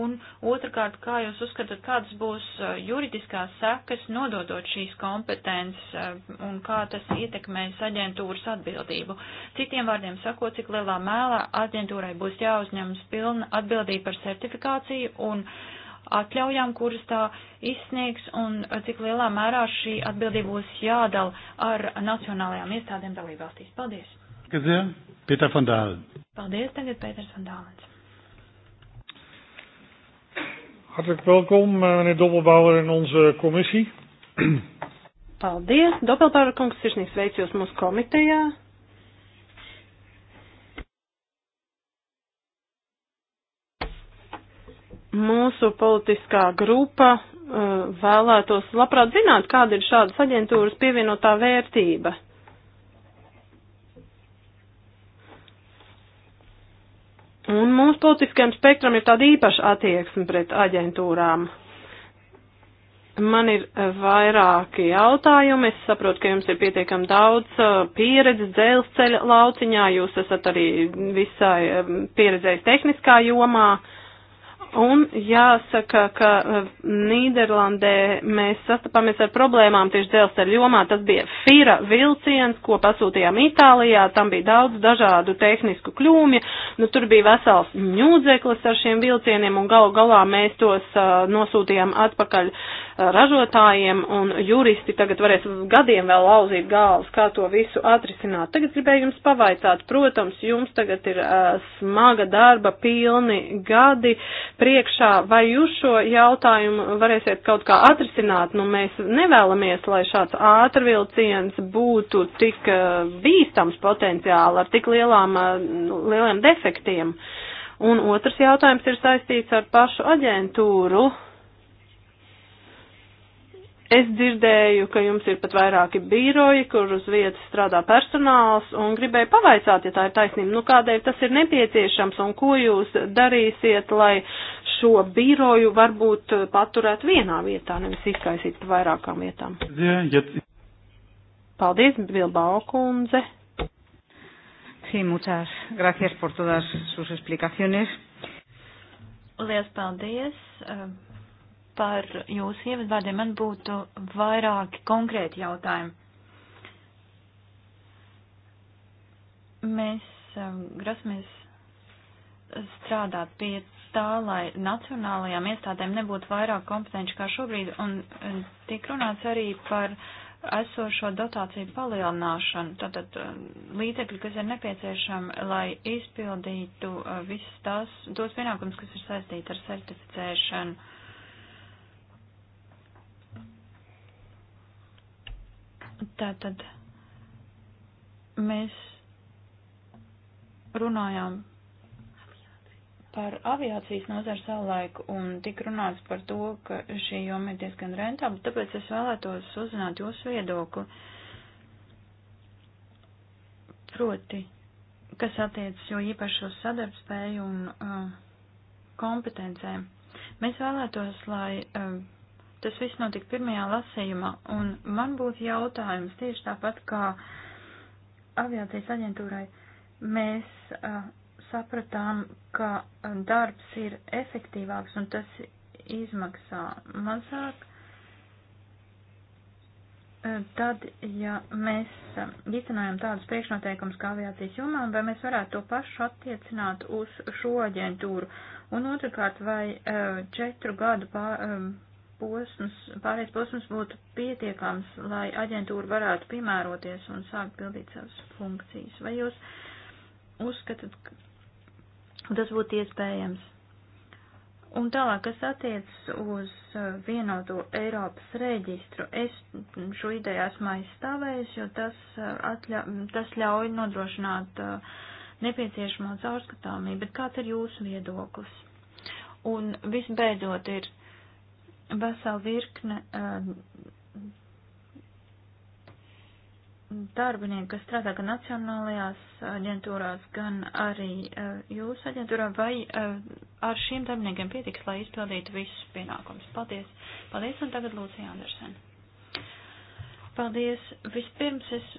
Un otrkārt, kā jūs uzskatāt, kādas būs uh, juridiskās sekas nododot šīs kompetences uh, un kā tas ietekmēs aģentūras atbildību? Citiem vārdiem sakot, cik lielā mēlā aģentūrai būs jāuzņemas pilna atbildība par certifikāciju un uh, atļaujām, kuras tā izsniegs un cik lielā mērā šī atbildība būs jādala ar nacionālajām iestādēm dalībvalstīs. Paldies! Pēter van Dālen. Paldies, tagad Pēters van Dālens. Hartelijk welkom, eh, meneer Dobbelbauer, in onze commissie. Paldies, Dobbelbauer kungs, sirsnīgi sveicu jūs mūsu komitejā. Mūsu politiskā grupa uh, vēlētos labprāt zināt, kāda ir šādas aģentūras pievienotā vērtība. Un mūsu politiskajam spektram ir tāda īpaša attieksme pret aģentūrām. Man ir uh, vairāki jautājumi. Es saprotu, ka jums ir pietiekami daudz uh, pieredzes dzelzceļa lauciņā. Jūs esat arī visai um, pieredzējis tehniskā jomā. Uh, Un jāsaka, ka eh, Nīderlandē mēs sastapamies ar problēmām tieši dzelzceļa jomā. Tas bija Fira vilciens, ko pasūtījām Itālijā, tam bija daudz dažādu tehnisku kļūmju, nu tur bija vesels ņūdzeklis ar šiem vilcieniem un galu galā mēs tos uh, nosūtījām atpakaļ eh, ražotājiem un juristi tagad varēs gadiem vēl lauzīt galvas, kā to visu atrisināt. Tagad gribēju jums pavaicāt, protams, jums tagad ir uh, smaga darba pilni gadi priekšā, vai jūs šo jautājumu varēsiet kaut kā atrisināt? Nu, mēs nevēlamies, lai šāds ātrvilciens būtu tik eh, bīstams potenciāli ar tik lielām, eh, nu, lieliem defektiem. Un otrs jautājums ir saistīts ar pašu aģentūru. Uh, Es dzirdēju, ka jums ir pat vairāki biroji, kur uz vietas strādā personāls, un gribēju pavaicāt, ja tā ir taisnība, nu kādēļ tas ir nepieciešams, un ko jūs darīsiet, lai šo biroju varbūt paturēt vienā vietā, nevis izkaisīt pa vairākām vietām. Jā, jā. Paldies, Bilbao kundze. Sí, muchas gracias por todas sus explicaciones. Lielas paldies. Uh par jūsu ievadvārdiem. Man būtu vairāki konkrēti jautājumi. Mēs um, grasamies strādāt pie tā, lai nacionālajām iestādēm nebūtu vairāk kompetenci kā šobrīd, un um, tiek runāts arī par esošo dotāciju palielināšanu, tātad um, līdzekļi, kas ir nepieciešami, lai izpildītu uh, visas tās, tos pienākums, kas ir saistīti ar certificēšanu. Tātad mēs runājām par aviācijas nozaru savulaik un tik runāts par to, ka šī joma ir diezgan rentabla, tāpēc es vēlētos uzzināt jūsu viedokli. Proti, kas attiecas jo īpaši uz sadarbspēju un uh, kompetencēm. Mēs vēlētos, lai uh, Tas viss notika pirmajā lasījumā, un man būtu jautājums tieši tāpat kā aviācijas aģentūrai. Mēs uh, sapratām, ka darbs ir efektīvāks un tas izmaksā mazāk. Tad, ja mēs īstenojam tādus priekšnoteikumus kā aviācijas jomā, vai mēs varētu to pašu attiecināt uz šo aģentūru? Un otrkārt, vai četru gadu pār, posms, pārējais posms būtu pietiekams, lai aģentūra varētu piemēroties un sākt pildīt savas funkcijas. Vai jūs uzskatāt, ka tas būtu iespējams? Un tālāk, kas attiecas uz uh, vienoto Eiropas reģistru, es šo ideju esmu aizstāvējis, jo tas, uh, atļa, tas ļauj nodrošināt uh, nepieciešamo caurskatāmību, bet kāds ir jūsu viedoklis? Un visbeidzot ir vesela virkne eh, darbinieki, kas strādā gan nacionālajās aģentūrās, gan arī eh, jūsu aģentūrā, vai eh, ar šiem darbiniekiem pietiks, lai izpildītu visus pienākumus? Paldies! Paldies, un tagad Lūcija Andersena. Paldies! Vispirms es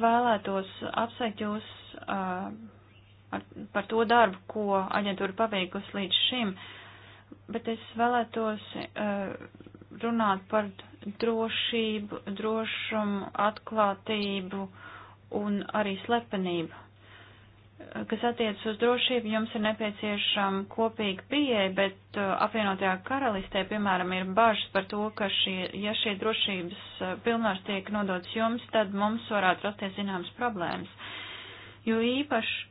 vēlētos apsveikt jūs ar, par to darbu, ko aģentūra paveikusi līdz šim. Uh, bet es vēlētos uh, runāt par drošību, drošumu, atklātību un arī slepenību. Eh, kas attiecas uz drošību, jums ir nepieciešama kopīga pieeja, bet uh, apvienotajā karalistē, piemēram, ir bažas par to, ka šie, ja šie drošības uh, pilnvars tiek nodots jums, tad mums varētu rasties zināmas problēmas. Jo īpaši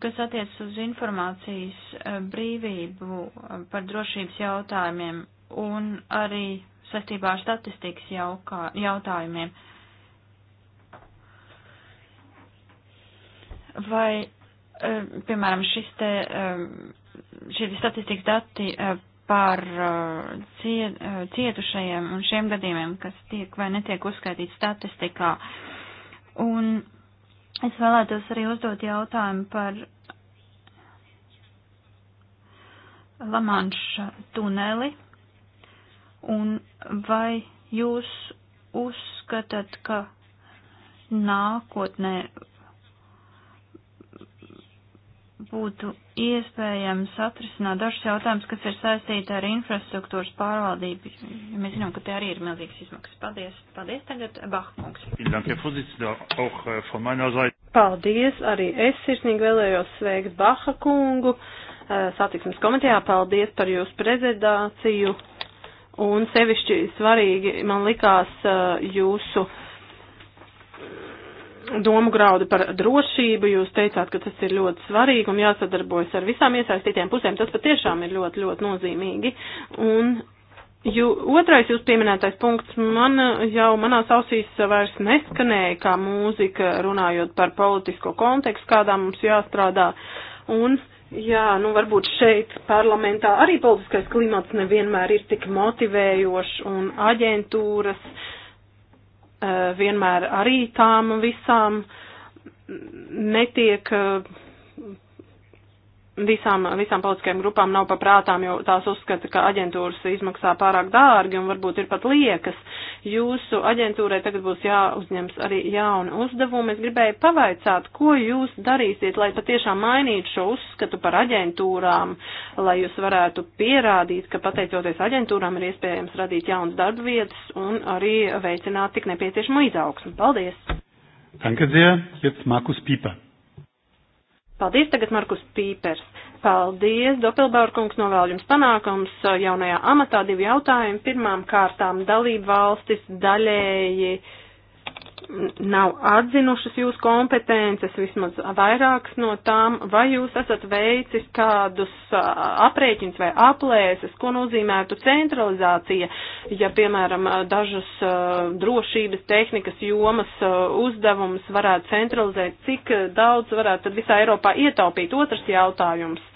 kas attiecas uz informācijas eh, brīvību eh, par drošības jautājumiem un arī saistībā ar statistikas jaukā, jautājumiem. Vai, eh, piemēram, šis te, šie statistikas dati par cietušajiem un šiem gadījumiem, kas tiek vai netiek uzskaitīti statistikā, un Es vēlētos arī uzdot jautājumu par Lamanša tuneli un vai jūs uzskatāt, ka nākotnē būtu iespējams atrisināt dažus jautājumus, kas ir saistīti ar infrastruktūras pārvaldību. Ja mēs zinām, ka te arī ir milzīgas izmaksas. Paldies. Paldies tagad, Bahkungs. Paldies. Arī es sirsnīgi vēlējos sveikt Baha kungu eh, satiksmes komitejā. Paldies par jūsu prezentāciju. Un sevišķi svarīgi man likās eh, jūsu domu graudu par drošību, jūs teicāt, ka tas ir ļoti svarīgi un jāsadarbojas ar visām iesaistītiem pusēm, tas patiešām ir ļoti, ļoti nozīmīgi. Un jū, otrais jūs pieminētais punkts man jau manās ausīs vairs neskanēja kā mūzika, runājot par politisko kontekstu, kādā mums jāstrādā. Un Jā, nu varbūt šeit parlamentā arī politiskais klimats nevienmēr ir tik motivējošs un aģentūras uh, Eh, vienmēr arī tām visām netiek eh, visām, visām politiskajām grupām nav paprātām, jo tās uzskata, ka aģentūras izmaksā pārāk dārgi un varbūt ir pat liekas. Jūsu aģentūrai tagad būs jāuzņems arī jauna uzdevuma. Es gribēju pavaicāt, ko jūs darīsiet, lai patiešām mainītu šo uzskatu par aģentūrām, lai jūs varētu pierādīt, ka pateicoties aģentūrām ir iespējams radīt jaunas darba vietas un arī veicināt tik nepieciešamo izaugsmu. Paldies! Danke sehr. Jetzt Markus Pieper. Paldies, tagad Markus Pīpers. Paldies, Dopelbaurkungs, novēl jums panākums uh, jaunajā amatā divi jautājumi. Pirmām kārtām dalību valstis daļēji nav atzinušas jūsu kompetences, vismaz vairākas no tām, vai jūs esat veicis kādus uh, aprēķins vai aplēses, ko nozīmētu centralizācija, ja, piemēram, uh, dažas drošības tehnikas jomas uzdevums varētu centralizēt, cik daudz varētu tad visā Eiropā ietaupīt. Otrs jautājums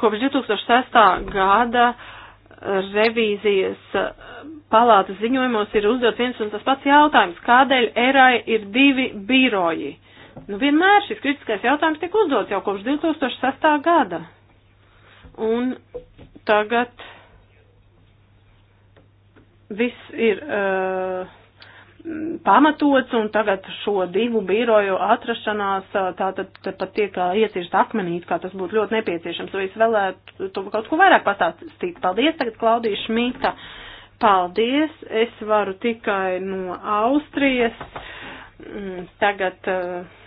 Kopš 2006. gada revīzijas palātas ziņojumos ir uzdots viens un tas pats jautājums, kādēļ erai ir divi biroji. Nu, vienmēr šis kritiskais jautājums tiek uzdots jau kopš 2006. gada. Un tagad viss ir. Uh, pamatots, un tagad šo divu biroju atrašanās tātad pat tiek iecirst akmenīt, kā tas būtu ļoti nepieciešams. Vai es vēlētu to kaut ko vairāk pastāstīt? Paldies, tagad Klaudija Šmita. Paldies, es varu tikai no Austrijas. Mm, tagad. Uh,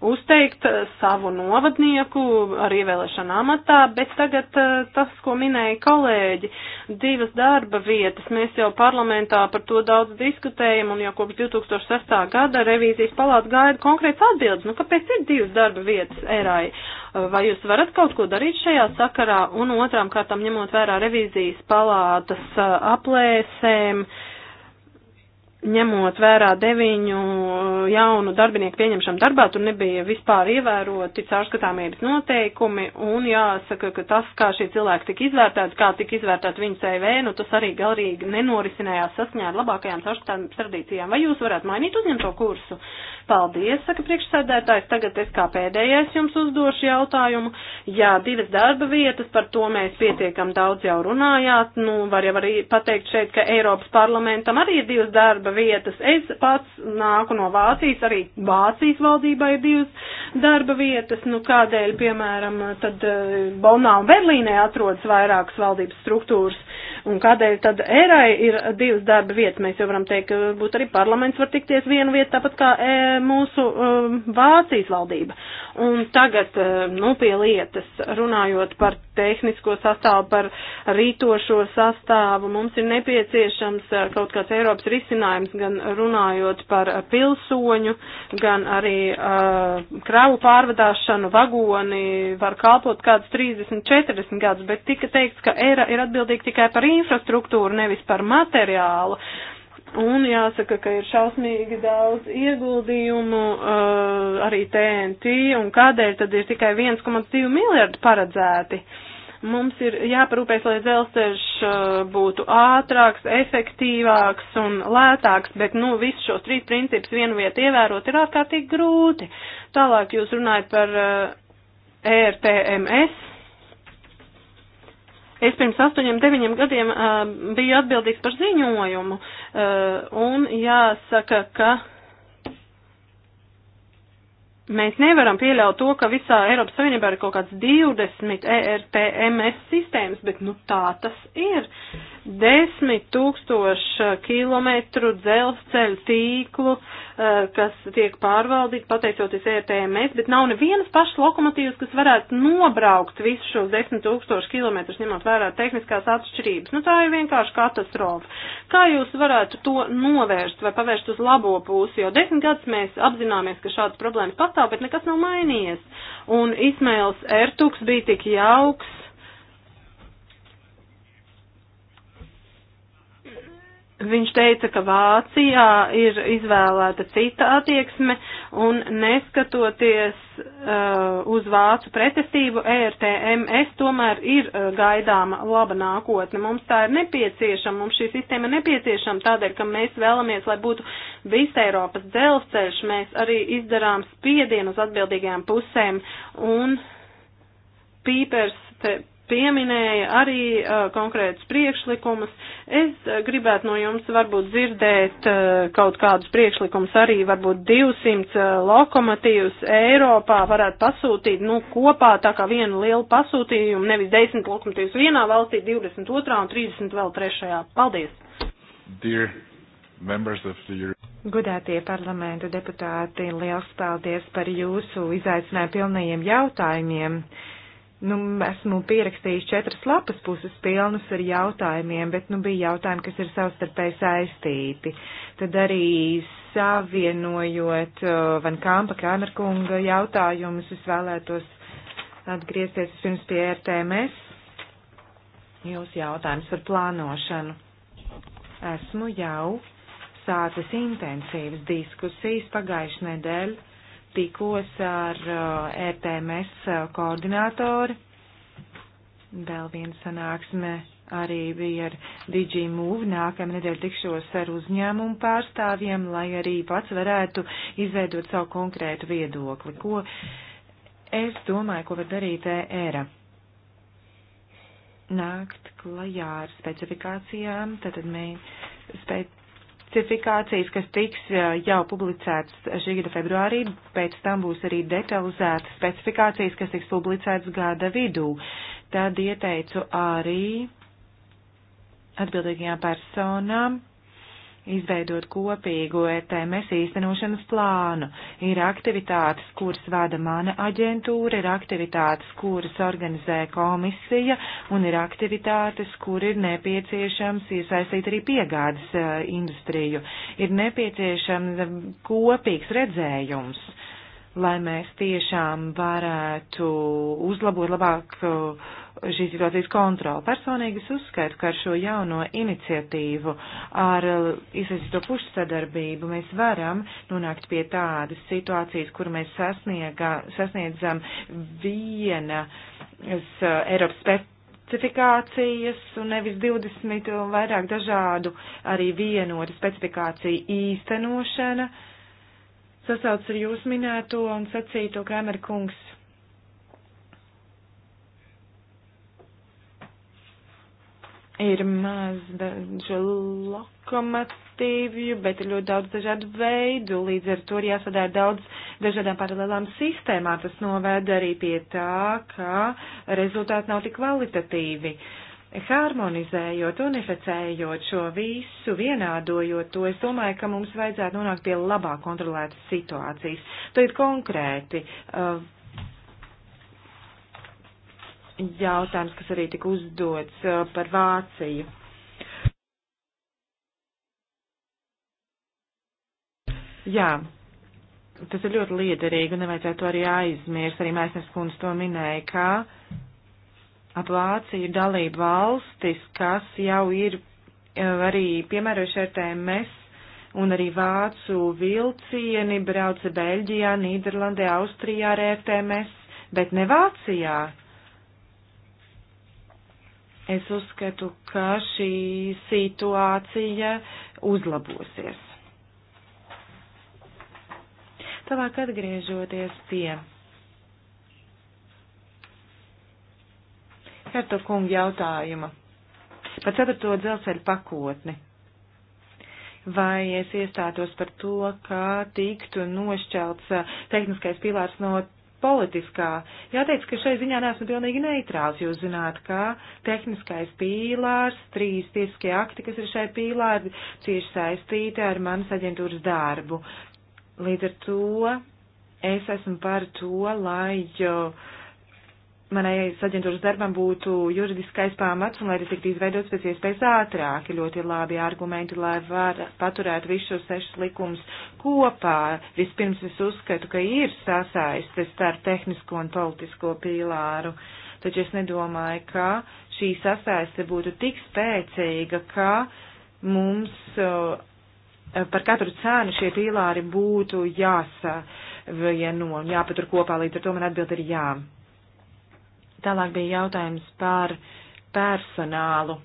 uzteikt eh, savu novadnieku ar ievēlēšanu amatā, bet tagad eh, tas, ko minēja kolēģi, divas darba vietas. Mēs jau parlamentā par to daudz diskutējam un jau kopš 2006. gada revīzijas palāta gaida konkrēts atbildes. Nu, kāpēc ir divas darba vietas erai? Eh, vai jūs varat kaut ko darīt šajā sakarā? Un otrām kārtām ņemot vērā revīzijas palātas aplēsēm. Uh, ņemot vērā deviņu uh, jaunu darbinieku pieņemšanu darbā, tur nebija vispār ievēroti caurskatāmības noteikumi, un jāsaka, ka tas, kā šie cilvēki tika izvērtēti, kā tika izvērtēti viņu CV, nu tas arī galīgi nenorisinājās saskaņā ar labākajām caurskatāmības tradīcijām. Vai jūs varētu mainīt uzņemto kursu? Paldies, saka priekšsēdētājs. Tagad es kā pēdējais jums uzdošu jautājumu. Jā, divas darba vietas, par to mēs pietiekam daudz jau runājāt. Nu, var jau arī pateikt šeit, ka Eiropas parlamentam arī ir divas darba vietas. Es pats nāku no Vācijas, arī Vācijas valdībā ir divas darba vietas. Nu, kādēļ, piemēram, tad eh, Bonā un Berlīnē atrodas vairākas valdības struktūras. Un kādēļ tad ERAI ir divas darba vietas? Mēs jau varam teikt, ka būtu arī parlaments var tikties vienu vietu, tāpat kā e, mūsu e, Vācijas valdība. Un tagad, e, nu, pie lietas, runājot par tehnisko sastāvu, par rītošo sastāvu, mums ir nepieciešams e, kaut kāds Eiropas risinājums, gan runājot par pilsoņu, gan arī uh, kravu pārvadāšanu, vagoni var kalpot kāds 30, 40 gadus, bet tika teikts, ka ERA ir atbildīga tikai par infrastruktūru, nevis par materiālu. Un jāsaka, ka ir šausmīgi daudz ieguldījumu uh, arī TNT, un kādēļ tad ir tikai 1,2 miljardi paredzēti? Mums ir jāparūpēs, lai dzelzceļš uh, būtu ātrāks, efektīvāks un lētāks, bet, nu, visus šos trīs principus vienu vietu ievērot ir ārkārtīgi grūti. Tālāk jūs runājat par uh, ERTMS, Es pirms astoņiem, deviņiem gadiem uh, biju atbildīgs par ziņojumu, uh, un jāsaka, ka mēs nevaram pieļaut to, ka visā Eiropas Savienībā ir kaut kāds 20 ERTMS sistēmas, bet nu tā tas ir. 10 tūkstoši eh, kilometru dzelzceļu tīklu, eh, kas tiek pārvaldīti pateicoties ETMS, bet nav nevienas pašas lokomotīvas, kas varētu nobraukt visus šos 10 tūkstoši kilometrus, ņemot vērā tehniskās atšķirības. Nu, tā ir vienkārši katastrofa. Kā jūs varētu to novērst vai pavērst uz labo pusi? Jo desmit gadus mēs apzināmies, ka šādas problēmas pastāv, bet nekas nav mainījies. Un Ismails Ertuks bija tik jauks Viņš teica, ka Vācijā ir izvēlēta cita attieksme un neskatoties uh, uz vācu pretestību, ERTMS tomēr ir uh, gaidāma laba nākotne. Mums tā ir nepieciešama, mums šī sistēma ir nepieciešama tādēļ, ka mēs vēlamies, lai būtu visa Eiropas dzelzceļš, mēs arī izdarām spiedienu uz atbildīgajām pusēm un Pīpers te pieminēja arī uh, konkrētus priekšlikumus. Es uh, gribētu no jums varbūt dzirdēt uh, kaut kādus priekšlikumus arī, varbūt 200 uh, lokomotīvus Eiropā varētu pasūtīt, nu, kopā tā kā vienu lielu pasūtījumu, nevis 10 lokomotīvus vienā valstī, 22 un 30 vēl trešajā. Paldies! Dear members of the European Godātie parlamentu deputāti, liels paldies par jūsu izaicinājumu pilnajiem jautājumiem nu, esmu pierakstījis četras lapas puses pilnas ar jautājumiem, bet, nu, bija jautājumi, kas ir savstarpēji saistīti. Tad arī savienojot uh, Van Kampa Kāmerkunga jautājumus, es vēlētos atgriezties pirms pie RTMS. Jūs jautājums par plānošanu. Esmu jau sācis intensīvas diskusijas pagājušajā nedēļā tikos ar RTMS eh, e eh, koordinātori. Vēl viena sanāksme arī bija ar DigiMove. Nākamā nedēļa tikšos ar uzņēmumu pārstāvjiem, lai arī pats varētu izveidot savu konkrētu viedokli. Ko es domāju, ko var darīt ERA? Nākt klajā ar specifikācijām, tad mēs spēc specifikācijas, kas tiks jau publicētas šī gada februārī, pēc tam būs arī detalizētas specifikācijas, kas tiks publicētas gada vidū. Tad ieteicu arī atbildīgajām personām izveidot kopīgu ETMS īstenošanas plānu. Ir aktivitātes, kuras vada mana aģentūra, ir aktivitātes, kuras organizē komisija, un ir aktivitātes, kur ir nepieciešams iesaistīt arī piegādes e, industriju. Ir nepieciešams e, kopīgs redzējums. Uh, lai mēs tiešām varētu uzlabot labāk uh, šīs situācijas kontroli. Personīgi es uzskaitu, ka ar šo jauno iniciatīvu, ar uh, izveicīto pušu sadarbību mēs varam nonākt pie tādas situācijas, kur mēs sasniega, sasniedzam vienas uh, Eiropas spēc specifikācijas un nevis 20 un vairāk dažādu arī vienotu specifikāciju īstenošana. Uh, sasauc ar jūs minēto un sacīto Krēmer kungs. Ir maz dažu lokomotīvju, bet ir ļoti daudz dažādu veidu, līdz ar to ir jāsadāja daudz dažādām paralēlām sistēmām. Tas noveda arī pie tā, ka rezultāti nav tik kvalitatīvi. Uh, harmonizējot, unificējot šo visu, vienādojot to, es domāju, ka mums vajadzētu nonākt pie labāk kontrolētas situācijas. Tad konkrēti uh, jautājums, kas arī tika uzdots uh, par Vāciju. Jā, tas ir ļoti liederīgi un nevajadzētu to arī aizmirst. Arī Mēsnes kundze to minēja, ka uh, ap Vāciju ir dalība valstis, kas jau ir eh, arī piemērojuši RTMS, un arī Vācu vilcieni brauca Beļģijā, Nīderlandē, Austrijā ar RTMS, bet ne Vācijā. Es uzskatu, ka šī situācija uzlabosies. Tālāk atgriežoties pie Herto kunga jautājuma par ceturto dzelzceļu pakotni. Vai es iestātos par to, kā tiktu nošķelts eh, tehniskais pilārs no politiskā? Jāteic, ka šai ziņā neesmu pilnīgi neitrāls. Jūs zināt, ka tehniskais pīlārs, trīs tiesiskie akti, kas ir šai pīlāri, cieši saistīti ar manas aģentūras darbu. Līdz ar to es esmu par to, lai jau manējais aģentūras darbam būtu juridiskais pamats un lai tas tiktu izveidots pēc iespējas ātrāk. Ir ļoti labi argumenti, lai var paturēt visus šos sešus likumus kopā. Vispirms es uzskatu, ka ir sasaistes starp tehnisko un politisko pīlāru, taču es nedomāju, ka šī sasaiste būtu tik spēcīga, ka mums eh, par katru cēnu šie pīlāri būtu jāsavieno un jāpatur kopā. Līdz ar to man atbild ir jā. Tālāk bija jautājums par personālu uh,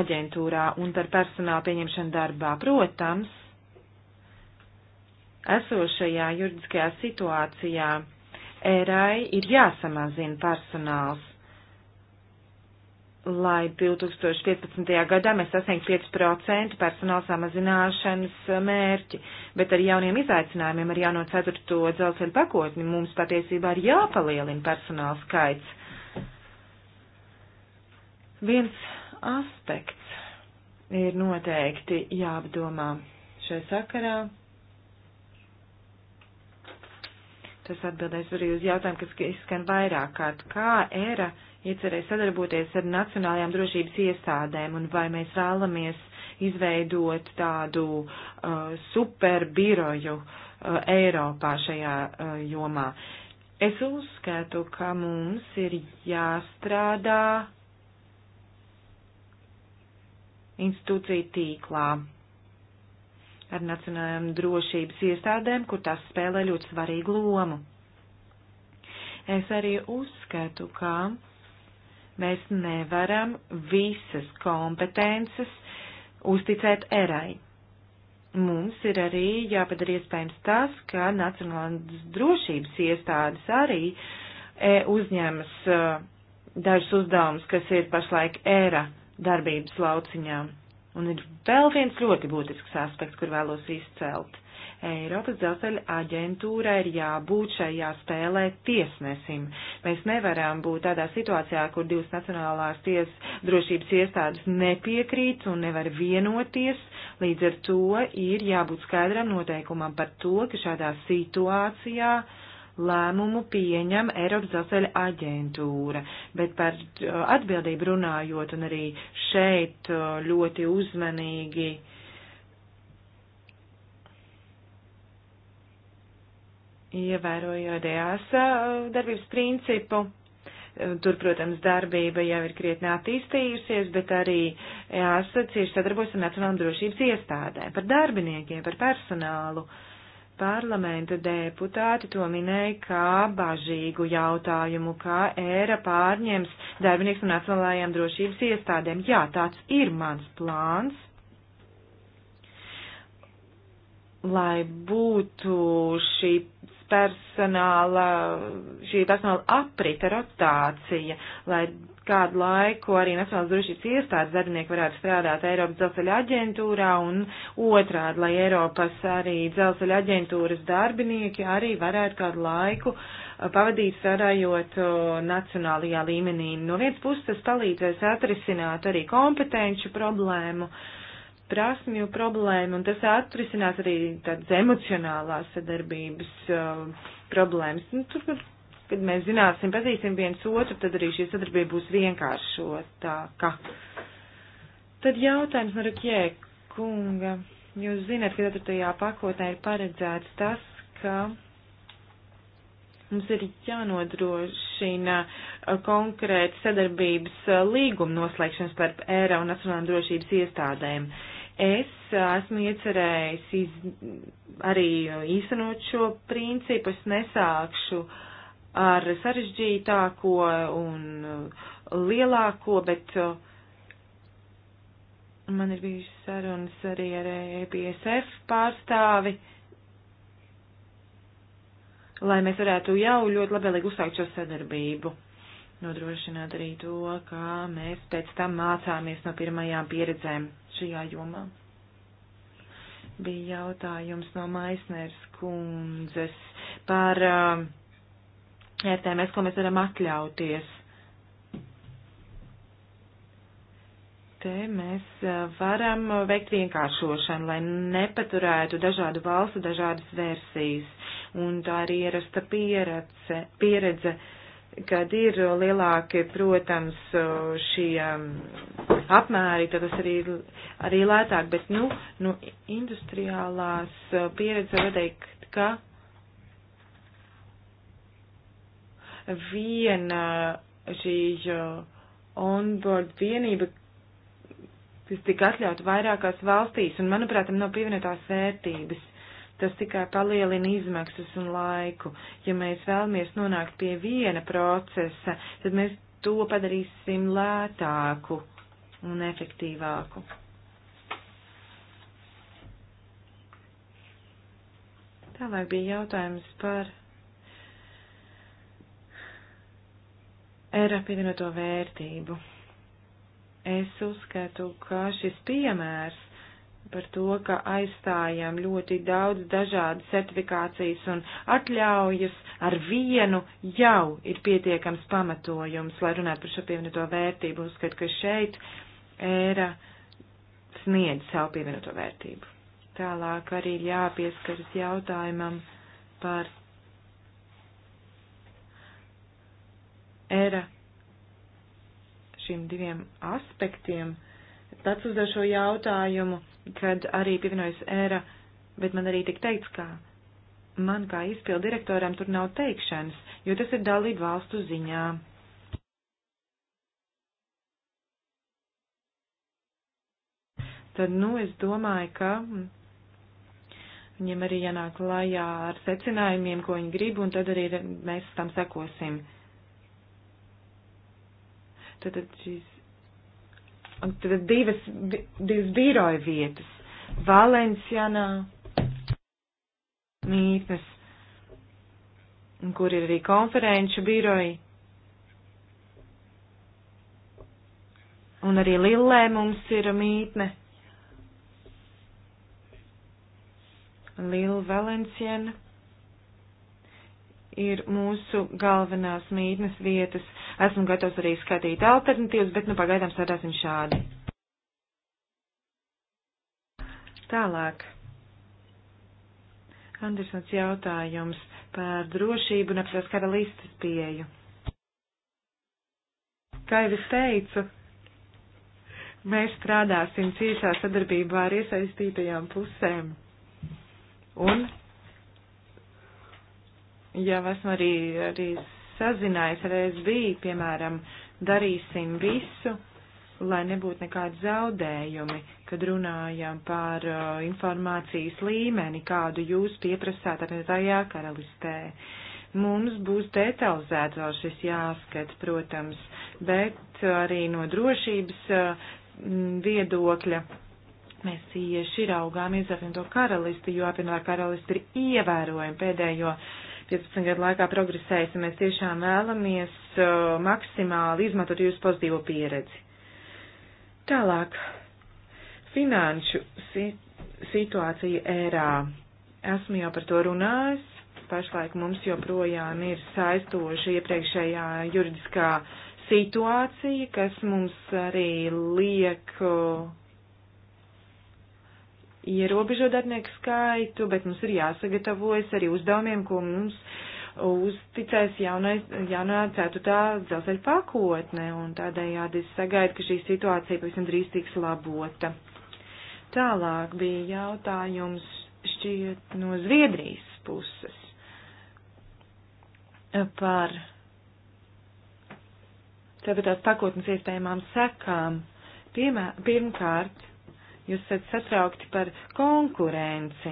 aģentūrā un par personālu pieņemšanu darbā. Protams, esošajā juridiskajā situācijā ERAI ir jāsamazina personāls, lai 2015. gadā mēs sasniegtu 5% personāla samazināšanas uh, mērķi, bet ar jauniem izaicinājumiem, ar jauno ceturto dzelzceļa pakotni mums patiesībā ir jāpalielina personāla skaits Viens aspekts ir noteikti jāapdomā šai sakarā. Tas atbildēs arī uz jautājumu, kas izskan vairāk kārt. Kā ERA iecerēja sadarboties ar nacionālajām drošības iestādēm un vai mēs vēlamies izveidot tādu uh, superbiroju uh, Eiropā šajā uh, jomā? Es uzskatu, ka mums ir jāstrādā institūciju tīklā ar nacionālajām drošības iestādēm, kur tās spēlē ļoti svarīgu lomu. Es arī uzskatu, ka mēs nevaram visas kompetences uzticēt erai. Mums ir arī jāpadara iespējams tas, ka Nacionālās drošības iestādes arī e, uzņemas e, dažus uzdevumus, kas ir pašlaik era darbības lauciņā. Un ir vēl viens ļoti būtisks aspekts, kur vēlos izcelt. Eiropas dzelzceļa aģentūrai ir jābūt šajā spēlē tiesnesim. Mēs nevaram būt tādā situācijā, kur divas nacionālās ties drošības iestādes nepiekrīt un nevar vienoties. Līdz ar to ir jābūt skaidram noteikumam par to, ka šādā situācijā uh, lēmumu pieņem Eiropas dzelzceļa aģentūra, bet par uh, atbildību runājot un arī šeit uh, ļoti uzmanīgi ievērojot EASA uh, darbības principu. Tur, protams, darbība jau ir krietni attīstījusies, bet arī EASA cieši sadarbojas ar Nacionālām drošības iestādēm par darbiniekiem, par personālu. Uh, parlamenta deputāti to minēja kā bažīgu jautājumu, kā ēra pārņems darbinieks un nacionālajām drošības iestādēm. Jā, tāds ir mans plāns. Lai būtu šī personāla, šī personāla aprita rotācija, lai kādu laiku arī Nacionālās drošības iestādes darbinieki varētu strādāt Eiropas dzelzceļa aģentūrā un otrādi, lai Eiropas arī dzelzceļa aģentūras darbinieki arī varētu kādu laiku uh, pavadīt strādājot uh, nacionālajā līmenī. No vienas puses tas palīdzēs atrisināt arī kompetenci problēmu, prasmju problēmu, un tas atrisinās arī tādas emocionālās sadarbības uh, problēmas. Nu, tur kad mēs zināsim, pazīsim viens otru, tad arī šī sadarbība būs vienkāršotāka. Tad jautājums no Rukjē kunga. Jūs zināt, ka 4. pakotnē ir paredzēts tas, ka mums ir jānodrošina uh, konkrēti sadarbības uh, līguma noslēgšanas par ēra un nacionālām drošības iestādēm. Es uh, esmu iecerējis iz, arī īstenot šo principu, es nesākšu uh, ar sarežģītāko un uh, lielāko, bet uh, man ir bijušas sarunas arī ar EPSF pārstāvi, lai mēs varētu jau ļoti labēlīgi uzsākt šo sadarbību. Nodrošināt arī to, kā mēs pēc tam mācāmies no pirmajām pieredzēm šajā jomā. Bija jautājums no Maisners kundzes par uh, vērtējamies, ko mēs varam atļauties. Te mēs eh, varam eh, veikt vienkāršošanu, lai nepaturētu dažādu valstu dažādas versijas. Un tā ir ierasta pieredze, pieredze kad ir lielāki, protams, eh, šie mm, apmēri, tad tas arī, arī lētāk. Bet, nu, nu industriālās pieredze var teikt, ka viena šī uh, onboard vienība, kas tika atļauta vairākās valstīs, un, manuprāt, tam nav pievienotās vērtības. Tas tikai palielina izmaksas un laiku. Ja mēs vēlamies nonākt pie viena procesa, tad mēs to padarīsim lētāku un efektīvāku. Tālāk bija jautājums par ar pievienoto vērtību. Es uzskatu, ka šis piemērs par to, ka aizstājam ļoti daudz dažādu certifikācijas un atļaujas ar vienu jau ir pietiekams pamatojums, lai runātu par šo pievienoto vērtību. Uzskatu, ka šeit ēra sniedz savu pievienoto vērtību. Tālāk arī jāpieskaras jautājumam par era šiem diviem aspektiem. Tāds uzdev šo jautājumu, kad arī pievienojas era, bet man arī tik teikts, ka man kā izpildu direktoram tur nav teikšanas, jo tas ir dalību valstu ziņā. Tad, nu, es domāju, ka viņiem arī jānāk lajā ar secinājumiem, ko viņi grib, un tad arī mēs tam sekosim. Uh, Tad šīs tad divas, divas biroja vietas - Valencianā, Mītnes, kur ir arī konferenču biroji. Un arī Lillē mums ir mītne. Lilla Valenciana ir mūsu galvenās mītnes vietas Esmu gatavs arī skatīt alternatīvas, bet nu pagaidām strādāsim šādi. Tālāk. Andersons jautājums par drošību un apsvērs karalistas pieeju. Kā jau es teicu, mēs strādāsim ciešā sadarbībā ar iesaistītajām pusēm. Un jau esmu arī, arī sazinājies ar ESB, piemēram, darīsim visu, lai nebūtu nekādi zaudējumi, kad runājam par uh, informācijas līmeni, kādu jūs pieprasāt apvienotajā karalistē. Mums būs detalizēts vēl šis jāskat, protams, bet arī no drošības uh, viedokļa. Mēs tieši raugāmies apvienoto karalisti, jo apvienotā karalisti ir ievērojami pēdējo uh, 15 gadu laikā progresējis, un mēs tiešām vēlamies uh, maksimāli izmantot jūsu pozitīvo pieredzi. Tālāk, finanšu si situācija ērā. Esmu jau par to runājis. Pašlaik mums joprojām ir saistoša iepriekšējā juridiskā situācija, kas mums arī liek uh, ierobežo darbinieku skaitu, bet mums ir jāsagatavojas arī uzdevumiem, ko mums uzticēs jaunais, jaunā ceturtā dzelzceļa pakotne, un tādējādi es sagaidu, ka šī situācija pavisam drīz tiks labota. Tālāk bija jautājums šķiet no Zviedrijas puses par ceturtās pakotnes iespējamām sekām. Pirmkārt, Jūs esat satraukti par konkurenci.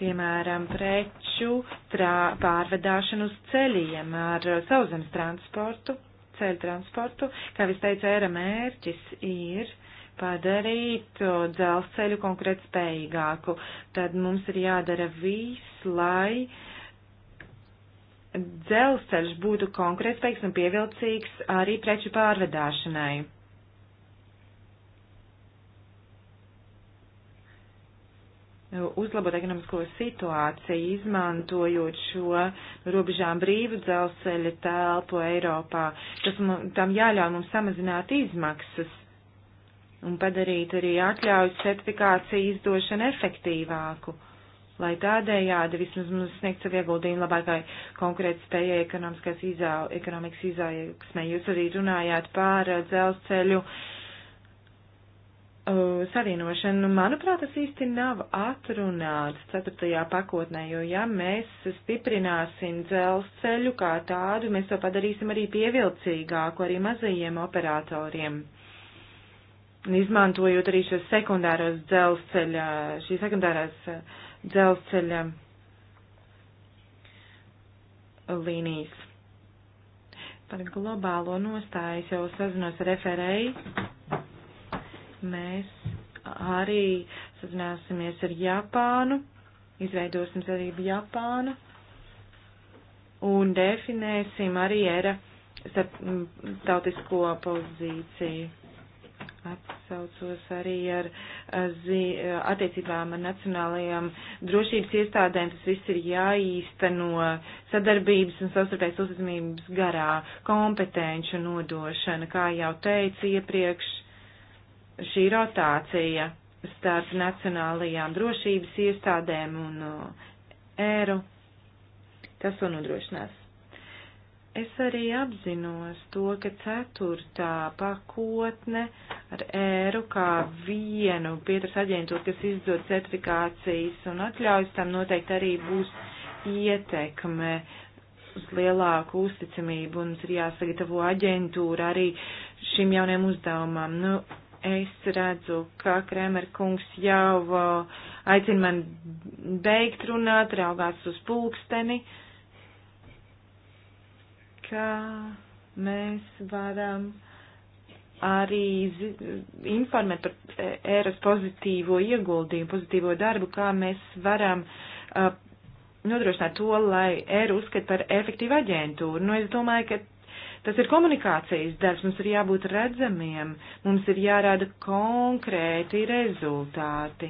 Piemēram, preču trā, pārvedāšanu uz ceļiem ar sauzemes transportu, ceļu transportu, kā es teicu, ēra mērķis ir padarīt dzelzceļu konkrēt spējīgāku. Tad mums ir jādara viss, lai dzelzceļš būtu konkrēt spējīgs un pievilcīgs arī preču pārvedāšanai. uzlabot ekonomisko situāciju, izmantojot šo robežām brīvu dzelzceļa telpu Eiropā. Tas tam jāļauj mums samazināt izmaksas un padarīt arī atļauju certifikāciju izdošanu efektīvāku, lai tādējādi vismaz mums sniegt savu ieguldījumu labākai konkrēt spējai ekonomikas izaugsmē. Jūs arī runājāt par dzelzceļu uh, uh, savienošanu, manuprāt, tas īsti nav atrunāts ceturtajā pakotnē, jo ja mēs stiprināsim dzelzceļu kā tādu, mēs to padarīsim arī pievilcīgāku arī mazajiem operatoriem. Izmantojot arī šos sekundāros dzelzceļa, šī sekundārās uh, dzelzceļa līnijas. Par globālo nostājas jau sazinos referēju mēs arī sazināsimies ar Japānu, izveidosim sadarbību Japānu un definēsim arī era tautisko pozīciju. Atsaucos arī ar zi, attiecībām ar nacionālajām drošības iestādēm. Tas viss ir jāīsteno sadarbības un savstarpējas uzticamības garā, kompetenču nodošana, kā jau teicu iepriekš šī rotācija starp nacionālajām drošības iestādēm un uh, ēru. Tas to nodrošinās. Es arī apzinos to, ka ceturtā pakotne ar ēru kā vienu pietras aģentūru, kas izdod certifikācijas un atļaujas, tam noteikti arī būs ietekme uz lielāku uzticamību un mums ir jāsagatavo aģentūra arī šim jauniem uzdevumam. Nu, Es redzu, ka Kremer kungs jau uh, aicina man beigt runāt, raugās uz pulksteni, ka mēs varam arī informēt par ēras e, pozitīvo ieguldījumu, pozitīvo darbu, kā mēs varam uh, nodrošināt to, lai ēru uzskat par efektīvu aģentūru. Nu, es domāju, ka Tas ir komunikācijas darbs, mums ir jābūt redzamiem, mums ir jārāda konkrēti rezultāti.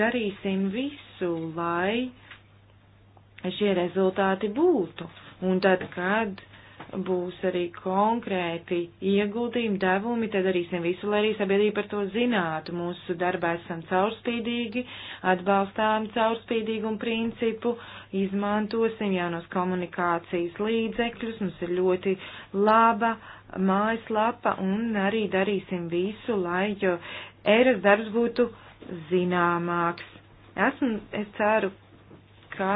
Darīsim visu, lai šie rezultāti būtu. Un tad, kad būs arī konkrēti ieguldījumi, devumi, tad darīsim visu, lai arī sabiedrība par to zinātu. Mūsu darbā esam caurspīdīgi, atbalstām caurspīdīgumu principu, izmantosim jaunos komunikācijas līdzekļus, mums ir ļoti laba mājaslapa un arī darīsim visu, lai jo eras darbs būtu zināmāks. Esmu, es ceru, ka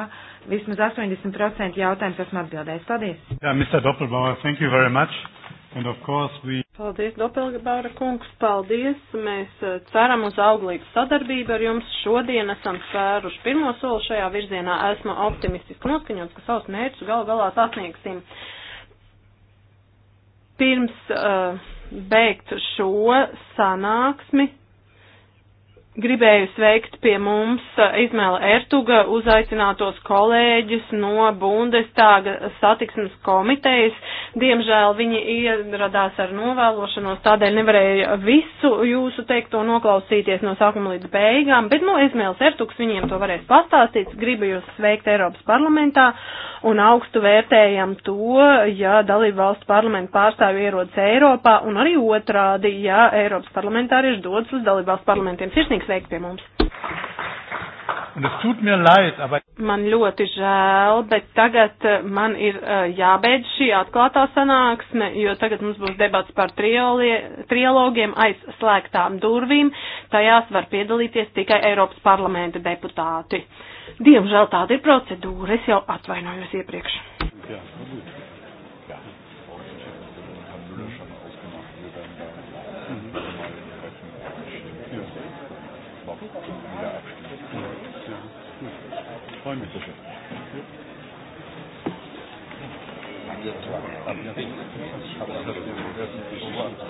vismaz 80% jautājumus esmu atbildējis. Paldies! Yeah, Mr. Doppelbauer, thank you very much. And of course we... Paldies, Doppelbauer kungs, paldies. Mēs uh, ceram uz auglīgu sadarbību ar jums. Šodien esam spēruši pirmo soli šajā virzienā. Esmu optimistiski noskaņots, ka savus mērķus gal galā sasniegsim. Pirms uh, beigt šo sanāksmi gribēju sveikt pie mums Izmēla Ertuga uzaicinātos kolēģus no Bundestāga satiksmes komitejas. Diemžēl viņi ieradās ar novēlošanos, tādēļ nevarēja visu jūsu teikto noklausīties no sākuma līdz beigām, bet no nu, Izmēls Ertugs viņiem to varēs pastāstīt. Gribu jūs sveikt Eiropas parlamentā un augstu vērtējam to, ja dalību valstu parlamentu pārstāvi ierodas Eiropā un arī otrādi, ja Eiropas parlamentārieši dodas uz dalību valstu parlamentiem. Sirsnīgs sveikt pie mums. Leid, aber... Man ļoti žēl, bet tagad eh, man ir eh, jābeidz šī atklātā sanāksme, jo tagad mums būs debats par trilogiem aiz slēgtām durvīm. Tajās var piedalīties tikai Eiropas parlamenta deputāti. Diemžēl tāda ir procedūra, es jau atvainojos iepriekš. Jā, freue mich sicher. Danke.